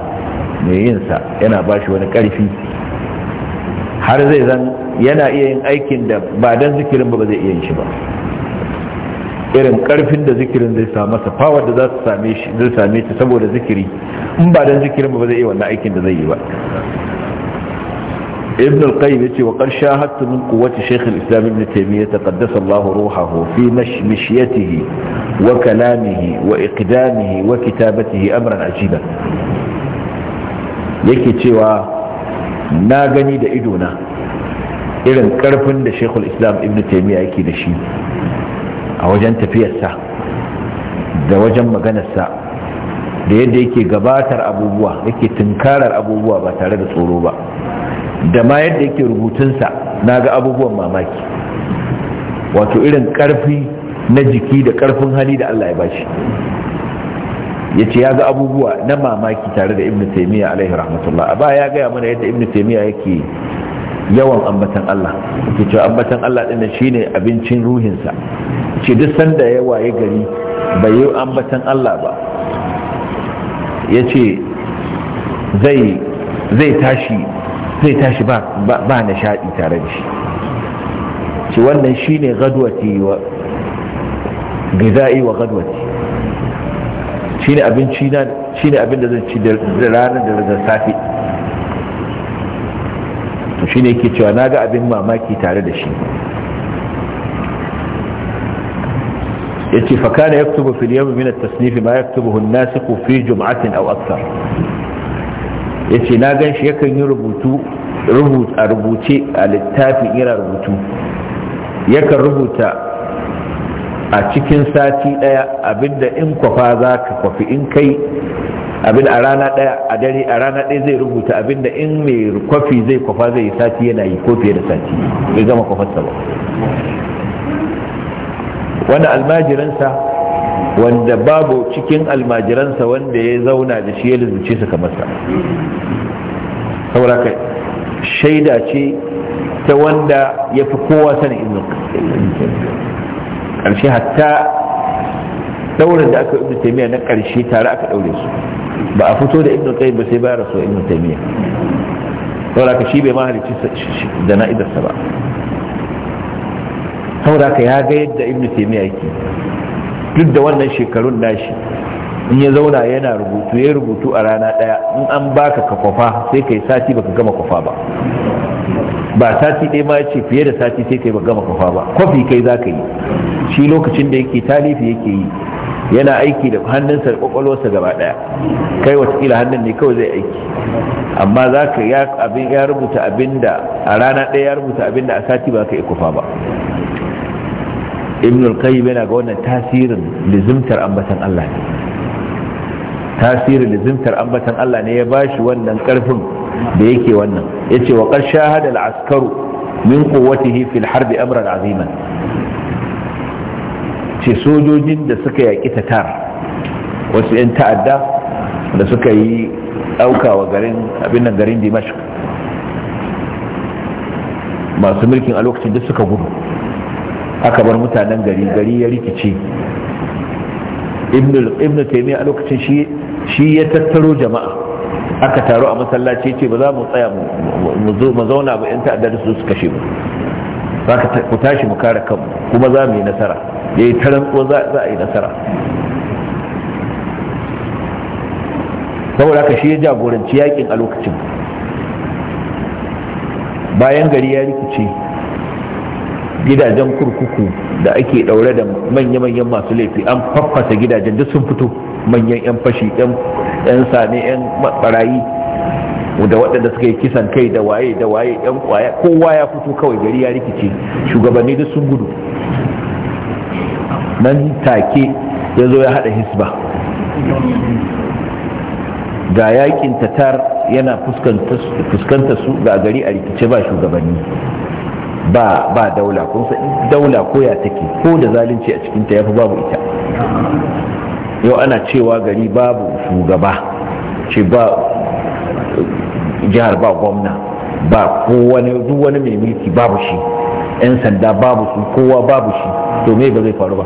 mai yinsa yana wani har zai zan yana iya yin aikin da ba don zikirin ba ba zai iya yin shi ba irin karfin da zikirin zai sa masa power za su same shi zai same ta saboda zikiri in ba dan zikirin ba zai yi wannan aikin da zai yi ba ibn al-qayyim yace wa qarsha hatta min quwwati shaykh al-islam ibn taymiyyah taqaddasa Allah ruhahu fi mashmishiyatihi wa kalamihi wa iqdamihi wa kitabatihi amran ajiba yake cewa na gani da idona irin karfin da shaykh al-islam ibn taymiyyah yake da shi a wajen tafiyarsa da wajen maganarsa da yadda yake gabatar abubuwa yake tunkarar abubuwa ba tare da tsoro ba da ma yadda yake rubutunsa na ga abubuwan mamaki wato irin karfi na jiki da karfin hali da Allah ya bashi ya ce ya ga abubuwa na mamaki tare da ibn taimiyya alaihi rahmatullah ba ya gaya mana yadda ibn taimiyya yake yawan ambatan Allah yake cewa ambatan Allah ɗin shi ne abincin ruhinsa ce duk sanda ya waye gari bai yi ambatan Allah ba ya ce zai tashi zai tashi ba shaɗi tare da shi ce wannan shi ne gadwati wa giza'i wa gadwati shi ne shi ne abin da zan ci da ranar da zan safe to shi ne ke cewa na ga abin mamaki tare da shi yace fa kana yaktubu fil yawm min at-tasnif ma yaktubuhu an-nasikhu fi jum'atin aw akthar yace na gan shi yakan yi rubutu a rubuce a littafin yana rubutu yakan rubuta a cikin sati daya abinda in kwafa za ka kwafi in kai abin a rana daya a dare a rana daya zai rubuta abinda in mai kwafi zai kwafa zai yi sati yana yi ko fiye da sati bai gama kwafarsa ba wani almajiransa wanda babu cikin almajiransa wanda ya zauna da shi ya lizuce su kamar sa sauraka shaida ce ta wanda ya fi kowa sanin ibn ƙarshe hatta daurin da aka ibn taymiya na ƙarshe tare aka daure su ba a fito da ibn qayyim ba sai ba rasu ibn taymiya sauraka shi bai ma da na'idarsa ba saboda ka ya ga yadda ibn taymiya yake duk da wannan shekarun nashi in ya zauna yana rubutu ya rubutu a rana daya in an baka kafafa sai kai sati baka gama kwafa ba ba sati ɗaya ma ce fiye da sati sai kai baka gama kwafa ba kofi kai za yi shi lokacin da yake talifi yake yi yana aiki da hannunsa da kwakwalwarsa gaba daya kai watakila hannun ne kawai zai aiki amma za ka ya abin a rana ɗaya ya rubuta abinda a sati ba ka yi kufa ba ibn al yana ga wannan tasirin lizimtar ambatan Allah ne tasirin lizimtar ambatan Allah ne ya bashi wannan karfin da yake wannan yace wa qad shahada al-askaru min quwwatihi fil harbi amran aziman ce sojojin da suka yaki tatar wasu yan ta'adda da suka yi dauka wa garin abin nan garin dimashq masu mulkin a lokacin da suka gudu aka bar mutanen gari gari ya rikici ibnu taimi a lokacin shi ya tattaro jama'a aka taru a masallaci ce ba za mu tsaya mu zauna ba yan ta'adar su su kashe mu za ka ku tashi mu kare kanmu kuma za mu yi nasara ya yi taron ko za a yi nasara saboda ka shi ya jagoranci yakin a lokacin bayan gari ya rikici gidajen kurkuku da ake daure da manya-manyan masu laifi an faffasa gidajen duk sun fito manyan 'yan fashi 'yan sami 'yan barayi da waɗanda suka yi kisan kai da waye da waye 'yan kwaya kowa ya fito kawai gari ya rikice shugabanni duk sun gudu nan take ya zo ya haɗa hisba ga yakin tatar yana fuskanta su ga gari a rikice ba shugabanni ba ba daula kun san daula koya take ko da zalunci a cikin ta yafi babu ita yau ana cewa gari babu shugaba ce ba jihar ba gwamna ba ko wani duk wani mai mulki babu shi yan sanda babu su kowa babu shi to me ba zai faru ba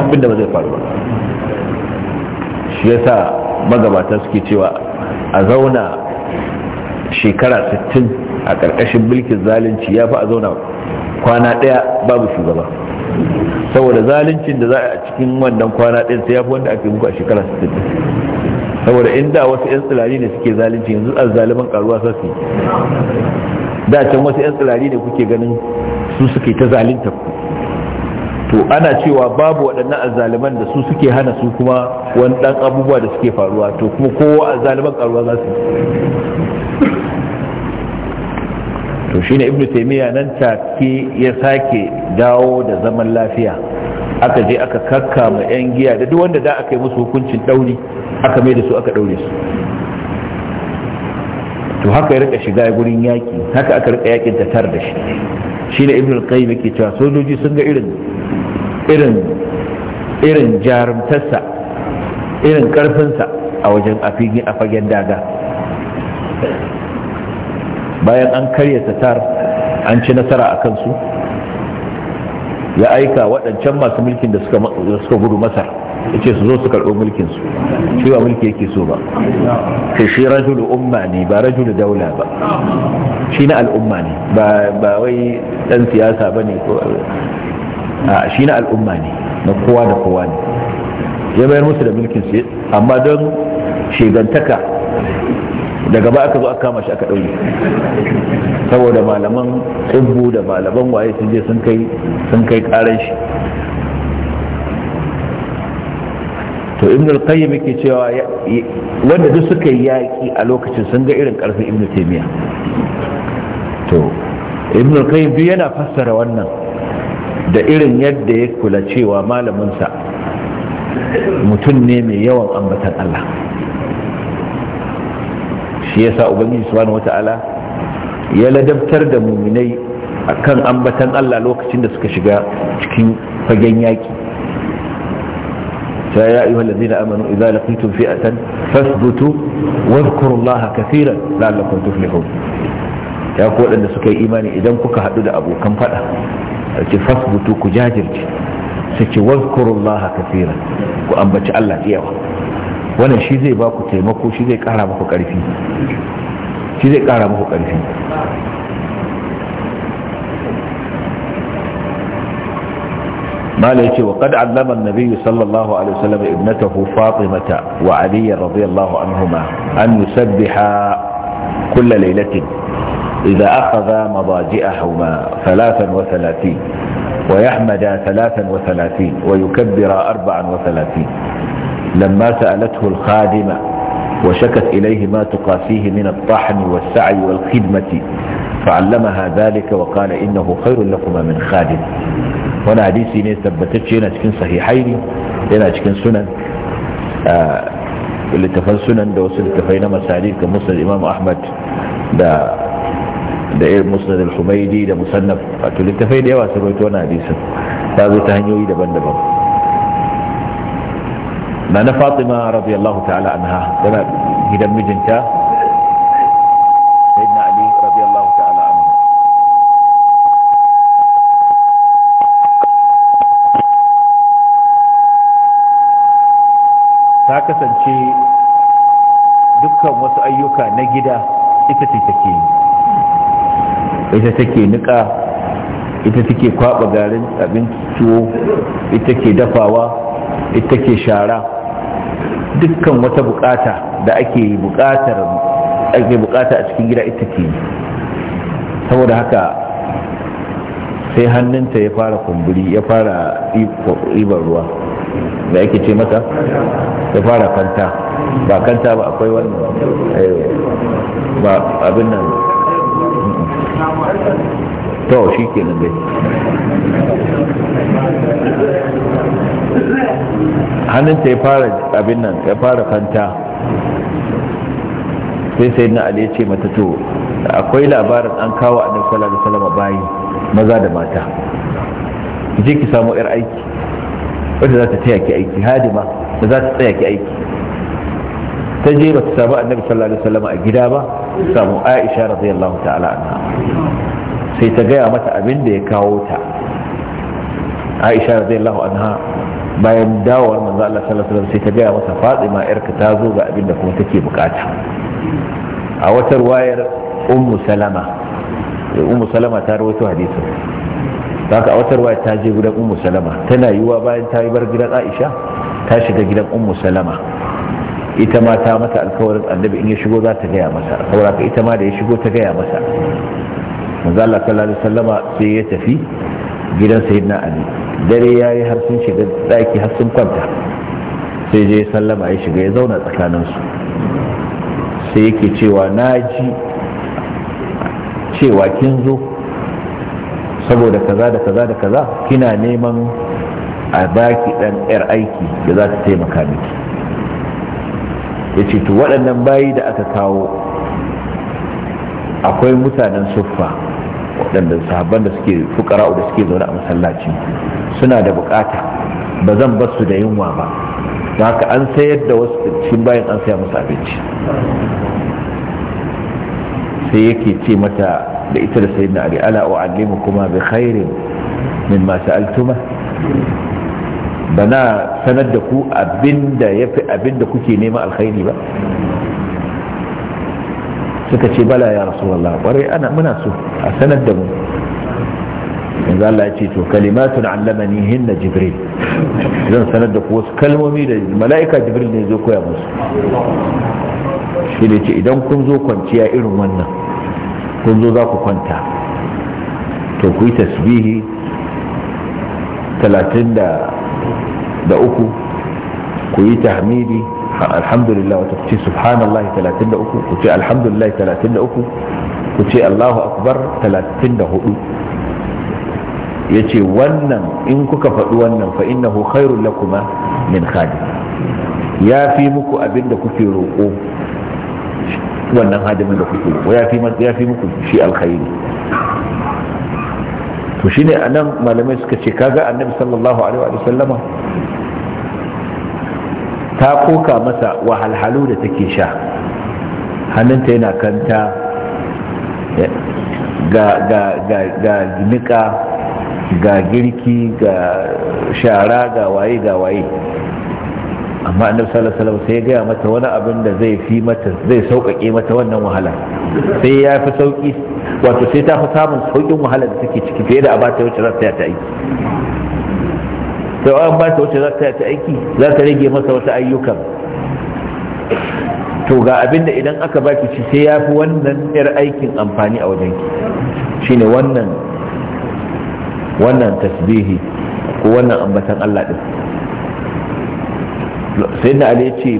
abin da ba zai faru ba shi yasa magabata suke cewa a zauna shekara 60 a ƙarƙashin mulkin zalunci ya fi a zauna kwana ɗaya babu shugaba saboda zaluncin da za a cikin wannan kwana ɗin sai ya fi wanda ake muku a shekara 60 saboda inda wasu 'yan tsirari ne suke zalunci yanzu a zaliman karuwa sa su da can wasu 'yan tsirari ne kuke ganin su suke ta zalunta ku to ana cewa babu waɗannan azzaliman da su suke hana su kuma wani ɗan abubuwa da suke faruwa to kuma kowa azzaliman karuwa za su to shi ne ibnu Taimiyya nan take ya sake dawo da zaman lafiya aka je aka kakka ma yan giya da duk wanda da aka yi musu hukuncin dauri aka mai da su aka daure su to haka ya rika shiga gurin yaki haka aka rika yakin tar da shi Shi ne ibnu al-qayyim yake cewa sojoji sun ga irin irin irin jarumtarsa irin karfinsa a wajen a fagen daga bayan an karya tatar an ci nasara a kansu ya aika waɗancan masu mulkin da suka gudu masar ya ce su zo su karɓo mulkinsu shi ba mulki yake so ba sai shi rajulu umma ne ba rajulu daula ba shi na al'umma ne ba wai ɗan siyasa ba ne shi na al'umma ne na kowa da kowa ne ya bayar musu da mulkinsu amma don shigantaka daga ba aka zo aka kama shi aka ɗaure saboda malaman tsibbu da malaman waye sun je sun kai sun kai ƙarar shi to ibn al-qayyim yake cewa wanda duk suka yi yaƙi a lokacin sun ga irin ƙarfin ibn taymiya to ibn al-qayyim bi yana fassara wannan da irin yadda ya kula cewa malamin sa mutum ne mai yawan ambatan Allah shi ya sa ubangiji subhanahu wata'ala ya ladabtar da muminai a kan ambatan allah lokacin da suka shiga cikin fagen yaki ta ya yi wallazi na amanu idan lafitun fi a tan fasbutu wadkuru allaha kafiran lalakon tuflihun ya ku waɗanda suka yi imani idan kuka haɗu da abokan faɗa a ce fasbutu ku jajirce su ce wadkuru allaha kafiran ku ambaci allah da wannan shi zai ba ku taimako shi zai kara muku karfi shi zai kara muku karfi mala yace wa qad allama an-nabi sallallahu alaihi wasallam ibnatahu fatimata wa ali radiyallahu anhuma an yusabbiha kull laylatin idha akhadha madaji'ahuma 33 ويحمد ثلاثا وثلاثين ويكبر أربعا وثلاثين لما سألته الخادمة وشكت إليه ما تقاسيه من الطحن والسعي والخدمة فعلمها ذلك وقال إنه خير لكما من خادم هنا حديثي نثبتت هنا تكن صحيحين هنا تكن سنن اللي آه، تفن سنن ده سلت تفين مساليك كمسند إمام أحمد ده ده إير مسند الحميدي ده مصنف فاتو اللي تفين يواسر ويتونا حديثا فاغو تهنيوي ده بندبه na na fatima radiyallahu ta'ala anha yana gidan mijinta sayyidina ali radiyallahu ta'ala anhu ta kasance dukkan wasu ayyuka na gida ita ce take yi ita take nika ita take kwaba garin abin tuwo ita ke dafawa ita ke shara dukkan wata bukata da ake bukatar ake bukata a cikin gida ita ce saboda haka sai hannunta ya fara kumburi ya fara ribar ruwa da ake ce mata ya fara kanta ba kanta ba akwai wani eh, ba abin nan to shi ke nan dai hannunta ya fara abin nan ya fara kanta sai sai na ali ya ce mata to akwai labarin an kawo a nan sallallahu salama wasallam bayi maza da mata je ki samu yar aiki wadda za ta taya ki aiki hadima da za ta tsaya ki aiki ta je ba ta samu annabi sallallahu alaihi wasallam a gida ba ta samu aisha radiyallahu ta'ala anha sai ta gaya mata abin da ya kawo ta aisha radiyallahu anha bayan dawowar manzo Allah sallallahu alaihi wasallam sai ta gaya masa Fatima yarka ta zo ga abin da kuma take bukata a wata ruwayar Ummu Salama Ummu Salama ta rawaito hadisi haka a wata ruwayar ta je gidan Ummu Salama tana yiwa bayan ta yi bar gidan Aisha ta shiga gidan Ummu Salama ita ma ta mata alkawarin annabi in ya shigo za ta gaya masa saboda ita ma da ya shigo ta gaya masa manzo Allah sallallahu alaihi wasallama sai ya tafi gidan sayyidina Ali dare ya yi har sun shiga daki har sun kwanta sai je sallama ya shiga ya zauna tsakaninsu sai yake cewa na ji cewa kin zo saboda kaza da kaza da kaza kina neman a baki dan yar aiki da za ta taimaka miki ya ce to waɗannan bayi da aka kawo akwai mutanen suffa waɗanda sahabban da suke fukara da suke zaune a masallaci suna da bukata ba zan bar su da yunwa ba da haka an sayar da wasu cikin bayan an saya musu abinci sai yake ce mata da ita da sayyidina ali ala alimu kuma bi khairin min ma sa'altuma bana sanar da ku abinda yafi abinda kuke nema alkhairi ba suka ce bala ya Allah ƙwarai ana muna so a sanar da mu yanzu Allah ya ce to kalimatun allamani hinna jibril zan sanar da ku wasu kalmomi da mala'ika jibril ne zo koya musu shi ne ce idan kun zo kwanciya irin wannan kun zo za ku kwanta to ku yi tasbihi talatin da uku ku yi tahmidi alhamdulillah wata ku ce subhanallah 33 ku ce alhamdulillah 33 ku ce allahu akbar 34 yace wannan in kuka faɗi wannan fa innahu khairul lakuma min khadim ya fi muku abin da kuke roƙo wannan hadimin da kuke roƙo ya fi muku shi alkhairi to shine anan malamai suka ce kaga annabi sallallahu alaihi wa sallama ta koka masa wahalhalu da take sha hannunta yana kanta ga ga ga nika ga girki ga shara ga waye ga waye amma annabi sallallahu alaihi wasallam sai ya gaya mata wani abin da zai fi mata zai sauƙaƙe mata wannan wahala sai ya fi sauƙi wato sai ta fi samun sauƙin wahala da take ciki fiye da abata wacce za ta yi to an ba ta wuce za ta ta aiki za ta rage masa wata ayyukan to ga abin da idan aka baki ci sai ya fi wannan yar aikin amfani a wajen ki shine wannan wannan tasbihi ko wannan ambatan Allah din sai da Ali ya ce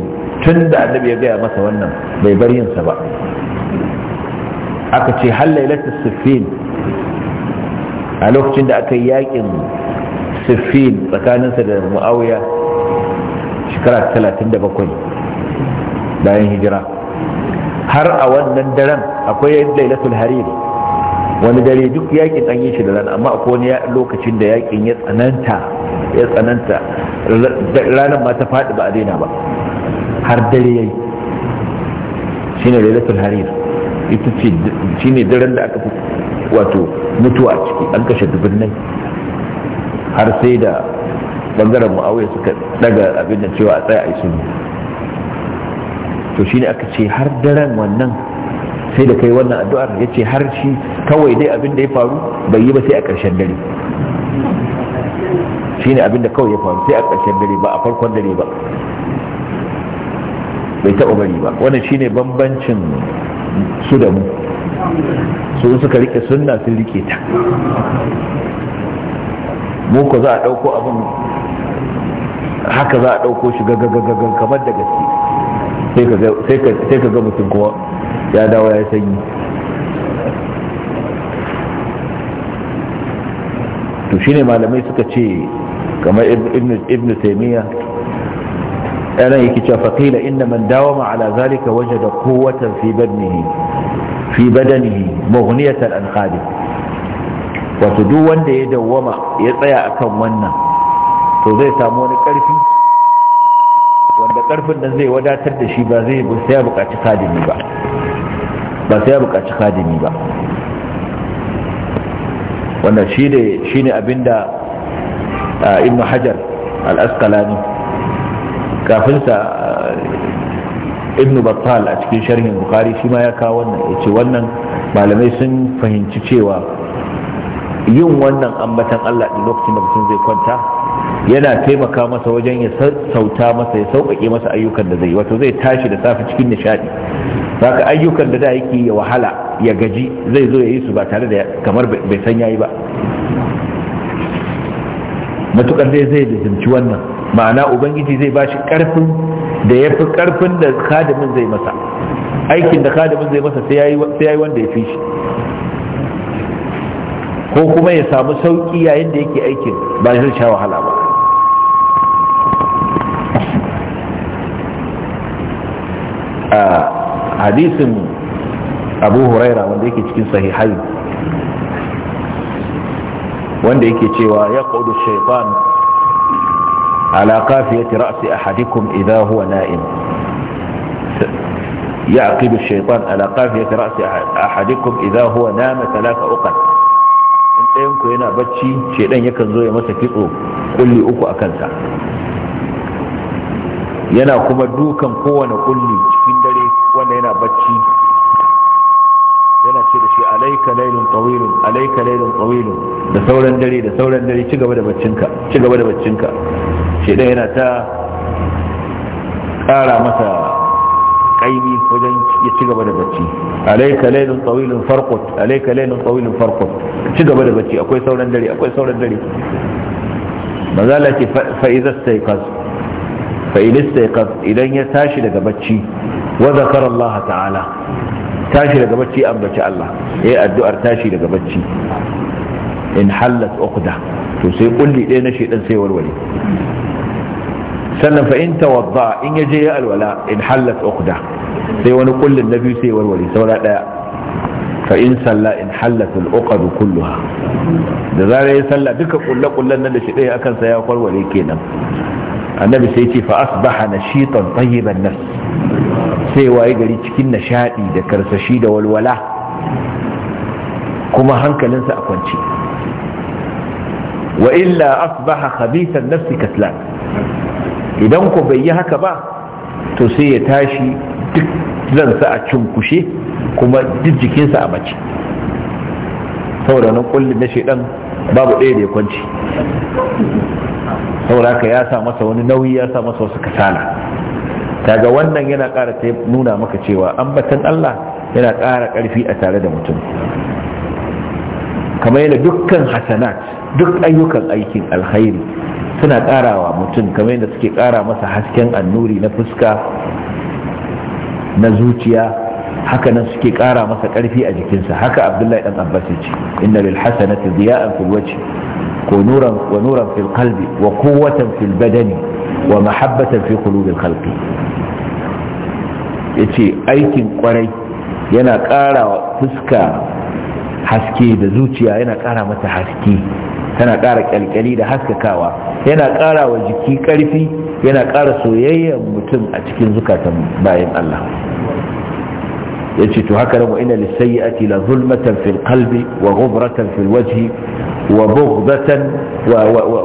tun da annabi ya gaya masa wannan bai bar yin sa ba aka ce hal lailatul siffin a lokacin da aka yi yakin siffin tsakaninsa da mu'awiya shekara 37 bayan hijira har a wannan daren akwai lailatul harir wani dare duk yakin an yi shi da ran amma akwai wani lokacin da yakin ya tsananta ya tsananta ranar ma ta faɗi ba a daina ba har dare ya yi shi ne lailatul harir ita ce shi ne daren da aka fi wato mutuwa ciki an kashe dubin nan har sai da bangaren mu'awiyar suka daga abin da cewa a tsaye a yi to to ne aka ce har daren wannan sai da kai wannan addu'ar ya ce har shi kawai dai abin da ya faru bai yi ba sai a ƙarshen dare Shi ne abin da kawai ya faru sai a ƙarshen dare ba a farkon dare ba bai taɓa bari ba wannan ne bambancin su da mu su suka rike sunna sun rike ta mu za a ɗauko abin haka za a ɗauko shi gagagagagan kamar da gaske sai ka ga mutum kuma ya dawo ya sanyi to shine malamai suka ce kamar ibn taimiyya yana yake cewa faƙila inda man dawama ala zalika waje da kowatan fi badanihi fi badanihi mahuniyatan an khalif wato duk wanda ya dawwama ya tsaya akan wannan to zai samu wani karfi wanda karfin nan zai wadatar da shi ba zai sai ya buƙaci kadimi ba ba sai ya kadimi ba wannan shine shine abinda ibn hajar al-asqalani kafin sa ibn battal a cikin sharhin bukhari shi ma ya kawo wannan yace wannan malamai sun fahimci cewa yin wannan ambatan Allah da lokacin da mutum zai kwanta yana taimaka masa wajen ya sauta masa ya sauƙaƙe masa ayyukan da zai wato zai tashi da safe cikin nishaɗi saka ayyukan da da yake ya wahala ya gaji zai zo ya yi su ba tare da kamar bai san yayi ba matukar zai zai lizimci wannan ma'ana ubangiji zai ba shi ƙarfin da ya fi ƙarfin da kadamin zai masa aikin da kadamin zai masa sai ya yi wanda ya fi shi ko kuma ya samu sauki yayin da yake aikin ba shi sha wahala ba a hadisin abu huraira wanda yake cikin sahihai wanda yake cewa ya kudu shaitan ala kafiyati ra'si ahadikum idha huwa na'im يعقد الشيطان على قافية رأس أحدكم إذا هو ɗayan ku yana bacci ɗan yakan zo ya masa kitso kulli uku a kansa yana kuma dukan kowane kulli cikin dare wanda yana bacci yana ce da shi alaika lailun tawilun alaika lailun tawilun da sauran dare da sauran dare ci gaba da baccinka ci gaba da baccinka shedan yana ta ƙara masa kaimi wajen ya ci gaba da bacci tawilun farqut tawilun farqut ci gaba da bacci akwai sauran dare akwai sauran dare la ce fa fa idan ya tashi daga bacci wa zakara Allah ta'ala tashi daga bacci ambaci Allah yayi addu'ar tashi daga bacci in hallat uqda to sai kulli ɗaya na shedan sai warware sannan fa in tawadda in yaje ya alwala in hallat uqda sai wani kullun na biyu sai warware saura daya fa in salla in hallat al uqad kulluha da zara ya salla duka kullu kullun nan da shi daya akan sa ya warware kenan annabi sai ce fa asbaha nashitan tayyiban nafs sai waye gari cikin nishadi da karsashi da walwala kuma hankalinsa a kwance wa illa asbaha khabithan nafsi katlan idan ku bai yi haka ba to sai ya tashi duk zan sa a kushe, kuma duk jikinsa a mace saboda wani kullum na shaidan babu ɗaya da ya kwanci saboda haka ya sa masa wani nauyi ya sa masa wasu kasala kaga wannan yana ƙara ta nuna maka cewa ambatan Allah yana ƙara ƙarfi a tare da mutum kamar yana dukkan hasanat duk ayyukan aikin alkhairi suna karawa mutum kamar yadda suke kara masa hasken annuri na fuska na zuciya haka nan suke kara masa karfi a jikinsa haka abdullahi dan abbas ya ce inna lil hasanati diya'an fil wajhi ko nuran wa nuran fil qalbi wa quwwatan fil badani wa mahabbatan fi qulubil khalqi yace aikin kwarai yana kara fuska haske da zuciya yana kara mata haske tana ƙara ƙyalƙyali da haskakawa yana ƙara wa jiki ƙarfi yana ƙara soyayyar mutum a cikin zukatan bayan Allah ya ce to haka wa ina lissayi'ati la zulmatan fil kalbi, wa ghubratan fil wajhi wa bughdatan wa wa wa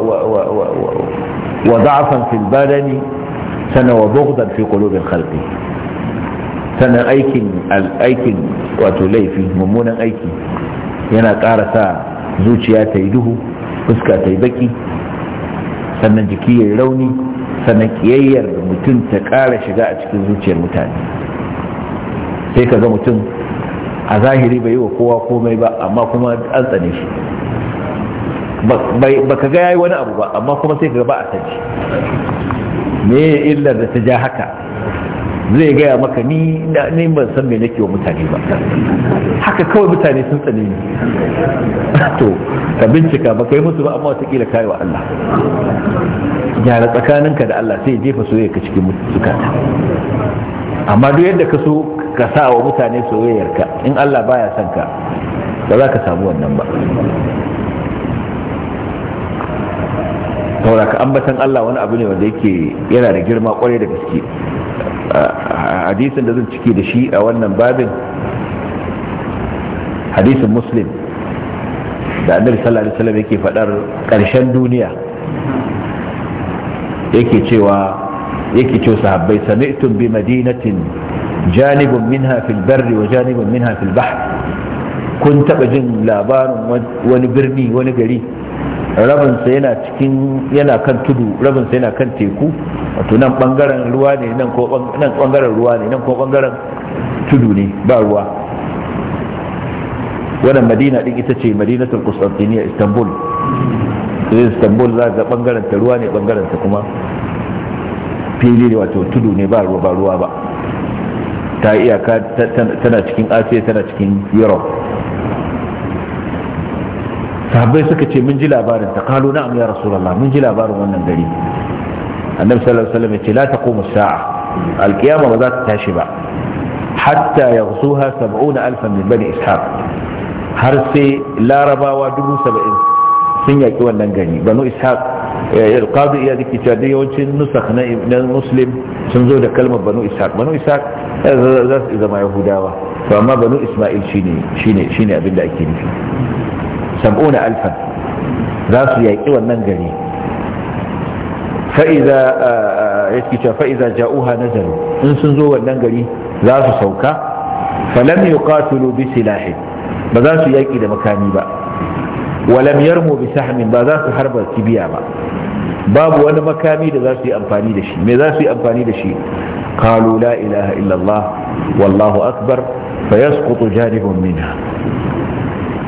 wa fil badani sana wa bughdan fi qulubil kalbi, sana aikin al aikin wato laifi mummunan aiki yana ƙara sa zuciya ta yi duhu fuska ta yi baki sannan jiki ya yi rauni sannan kiyayyar mutum ta ƙara shiga a cikin zuciyar mutane sai ka ga mutum a zahiri bai yi wa kowa komai ba amma kuma an tsane shi ba ka ga yayi wani abu ba amma kuma sai ka ga ba a sanci me illar da ta ja haka zai gaya maka ni ne ban san me nake wa mutane ba haka kawai mutane sun tsane ni to ka bincika ba kai musu ba amma watakila kai wa Allah gyara tsakaninka da Allah sai jefa soyayyarka cikin zukata amma duk yadda ka so ka sa wa mutane soyayyarka in Allah baya son ka ba za ka samu wannan ba ka ambatan Allah wani abu ne wanda yake yana da girma kwarai da gaske hadisin da zan ciki da shi a wannan babin hadisin muslim da annabi sallallahu alaihi wasallam yake fadar karshen duniya yake cewa yake cewa sahabbai sami'tum bi madinatin janibun minha fil barri wa janibun minha fil bahr kun taba jin labarin wani birni wani gari rabinsa yana cikin yana kan tudu rabinsa yana kan teku wato nan bangaren ruwa ne nan ko bangaren ruwa ne nan ko bangaren tudu ne ba ruwa wannan madina din ita ce madinatul qustantiniya istanbul istanbul za ga bangaren ta ruwa ne bangaren ta kuma fili ne wato tudu ne ba ruwa ba ruwa ba ta iyaka tana cikin asiya tana cikin europe sahabbai suka ce mun ji labarin ta kalu na'am ya rasulullah mun ji labarin wannan gari annabi sallallahu alaihi wasallam ya ce la taqumu sa'a alqiyama ba za ta tashi ba hatta yaghsuha 70000 min bani ishaq har sai larabawa 70 sun yaki wannan gari banu ishaq eh, alqadi ya dake cewa da yawancin nusakh na muslim sun zo da kalmar banu ishaq banu ishaq eh, za su zama yahudawa to amma banu isma'il shine shine ake nufi sab'una alfan za su yaƙi wannan gari fa'iza ya na fa'iza in sun zo wannan gari za su sauka falam yuqatilu bi silahin ba za su yaƙi da makami ba walam bi sahmin ba za su harba kibiya ba babu wani makami da za su yi amfani me za su yi amfani da shi qalu la ilaha illallah wallahu akbar fayasqutu janibun minha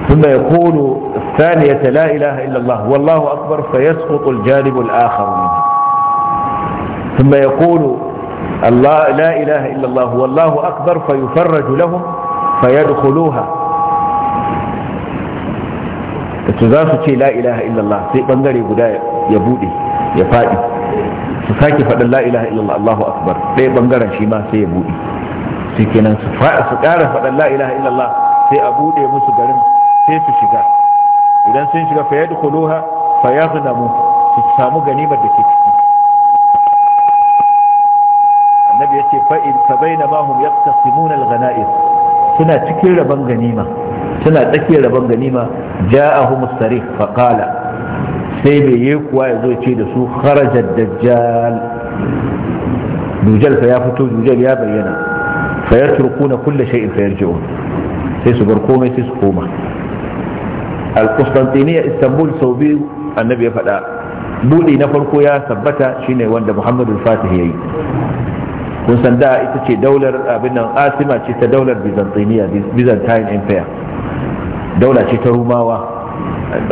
ثم يقول الثانية لا إله إلا الله والله أكبر فيسقط الجانب الآخر منه ثم يقول الله لا إله إلا الله والله أكبر فيفرج لهم فيدخلوها تزاسو شيء لا إله إلا الله في بندر يبودي يبودي يفادي ساكي فقال لا إله إلا الله الله أكبر في بندر شيما سيبودي سيكنا سفاء سكارة فقال لا إله إلا الله سيبودي مسجرين sai su shiga idan sun shiga fa yadkhuluha fa yaghlamu su samu ganimar da ke ciki annabi ya ce fa in fa bainama hum yaqtasimuna al-ghanaim suna cikin rabon ganima suna tsakiyar rabon ganima ja'ahum as-sarih fa qala sai bai yi kuwa ya zo ce da su kharaja dajjal dujal fa ya fito dujal ya bayyana fa yatrukuna kulli shay'in fa yarji'un sai su bar komai sai su koma al-Qustantiniya Istanbul sau biyu annabi ya faɗa buɗe na farko ya tabbata shine wanda Muhammadu Fatih ya yi. kun san da ita ce daular abin nan asima ce ta daular Byzantiniya Byzantine Empire daula ce ta Rumawa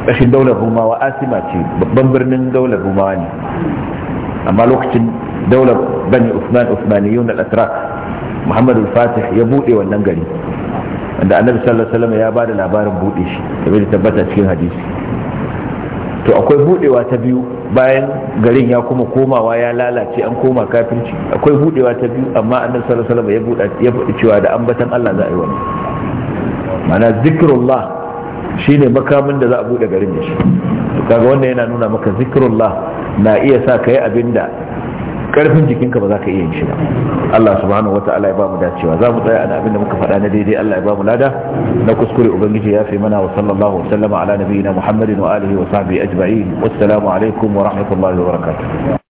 ƙashin daular Rumawa asima ce babban birnin daular Rumawa ne amma lokacin daular Bani Uthman Uthmaniyun na atrak Muhammadu Fatih ya buɗe wannan gari wanda annabi sallallahu alaihi wasallam ya bada labarin bude shi kamar da tabbata cikin hadisi to akwai budewa ta biyu bayan garin ya kuma komawa ya lalace an koma kafirci akwai budewa ta biyu amma annabi sallallahu alaihi wasallam ya buɗe cewa da ambatan Allah za a yi wannan mana zikrullah shine makamin da za a bude garin da shi kaga wannan yana nuna maka zikrullah na iya sa ka yi abinda karfin jikinka ba za ka iya yin shi ba Allah subhanahu wata'ala ya ba mu dacewa za mu tsaya a abin da muka faɗa na daidai Allah ya ba mu lada na kuskure ubangiji ya fi mana wa sallallahu ala nabiyina muhammadin wa alihi wa sahbihi ajma'in wassalamu alaikum wa rahmatullahi wa barakatuh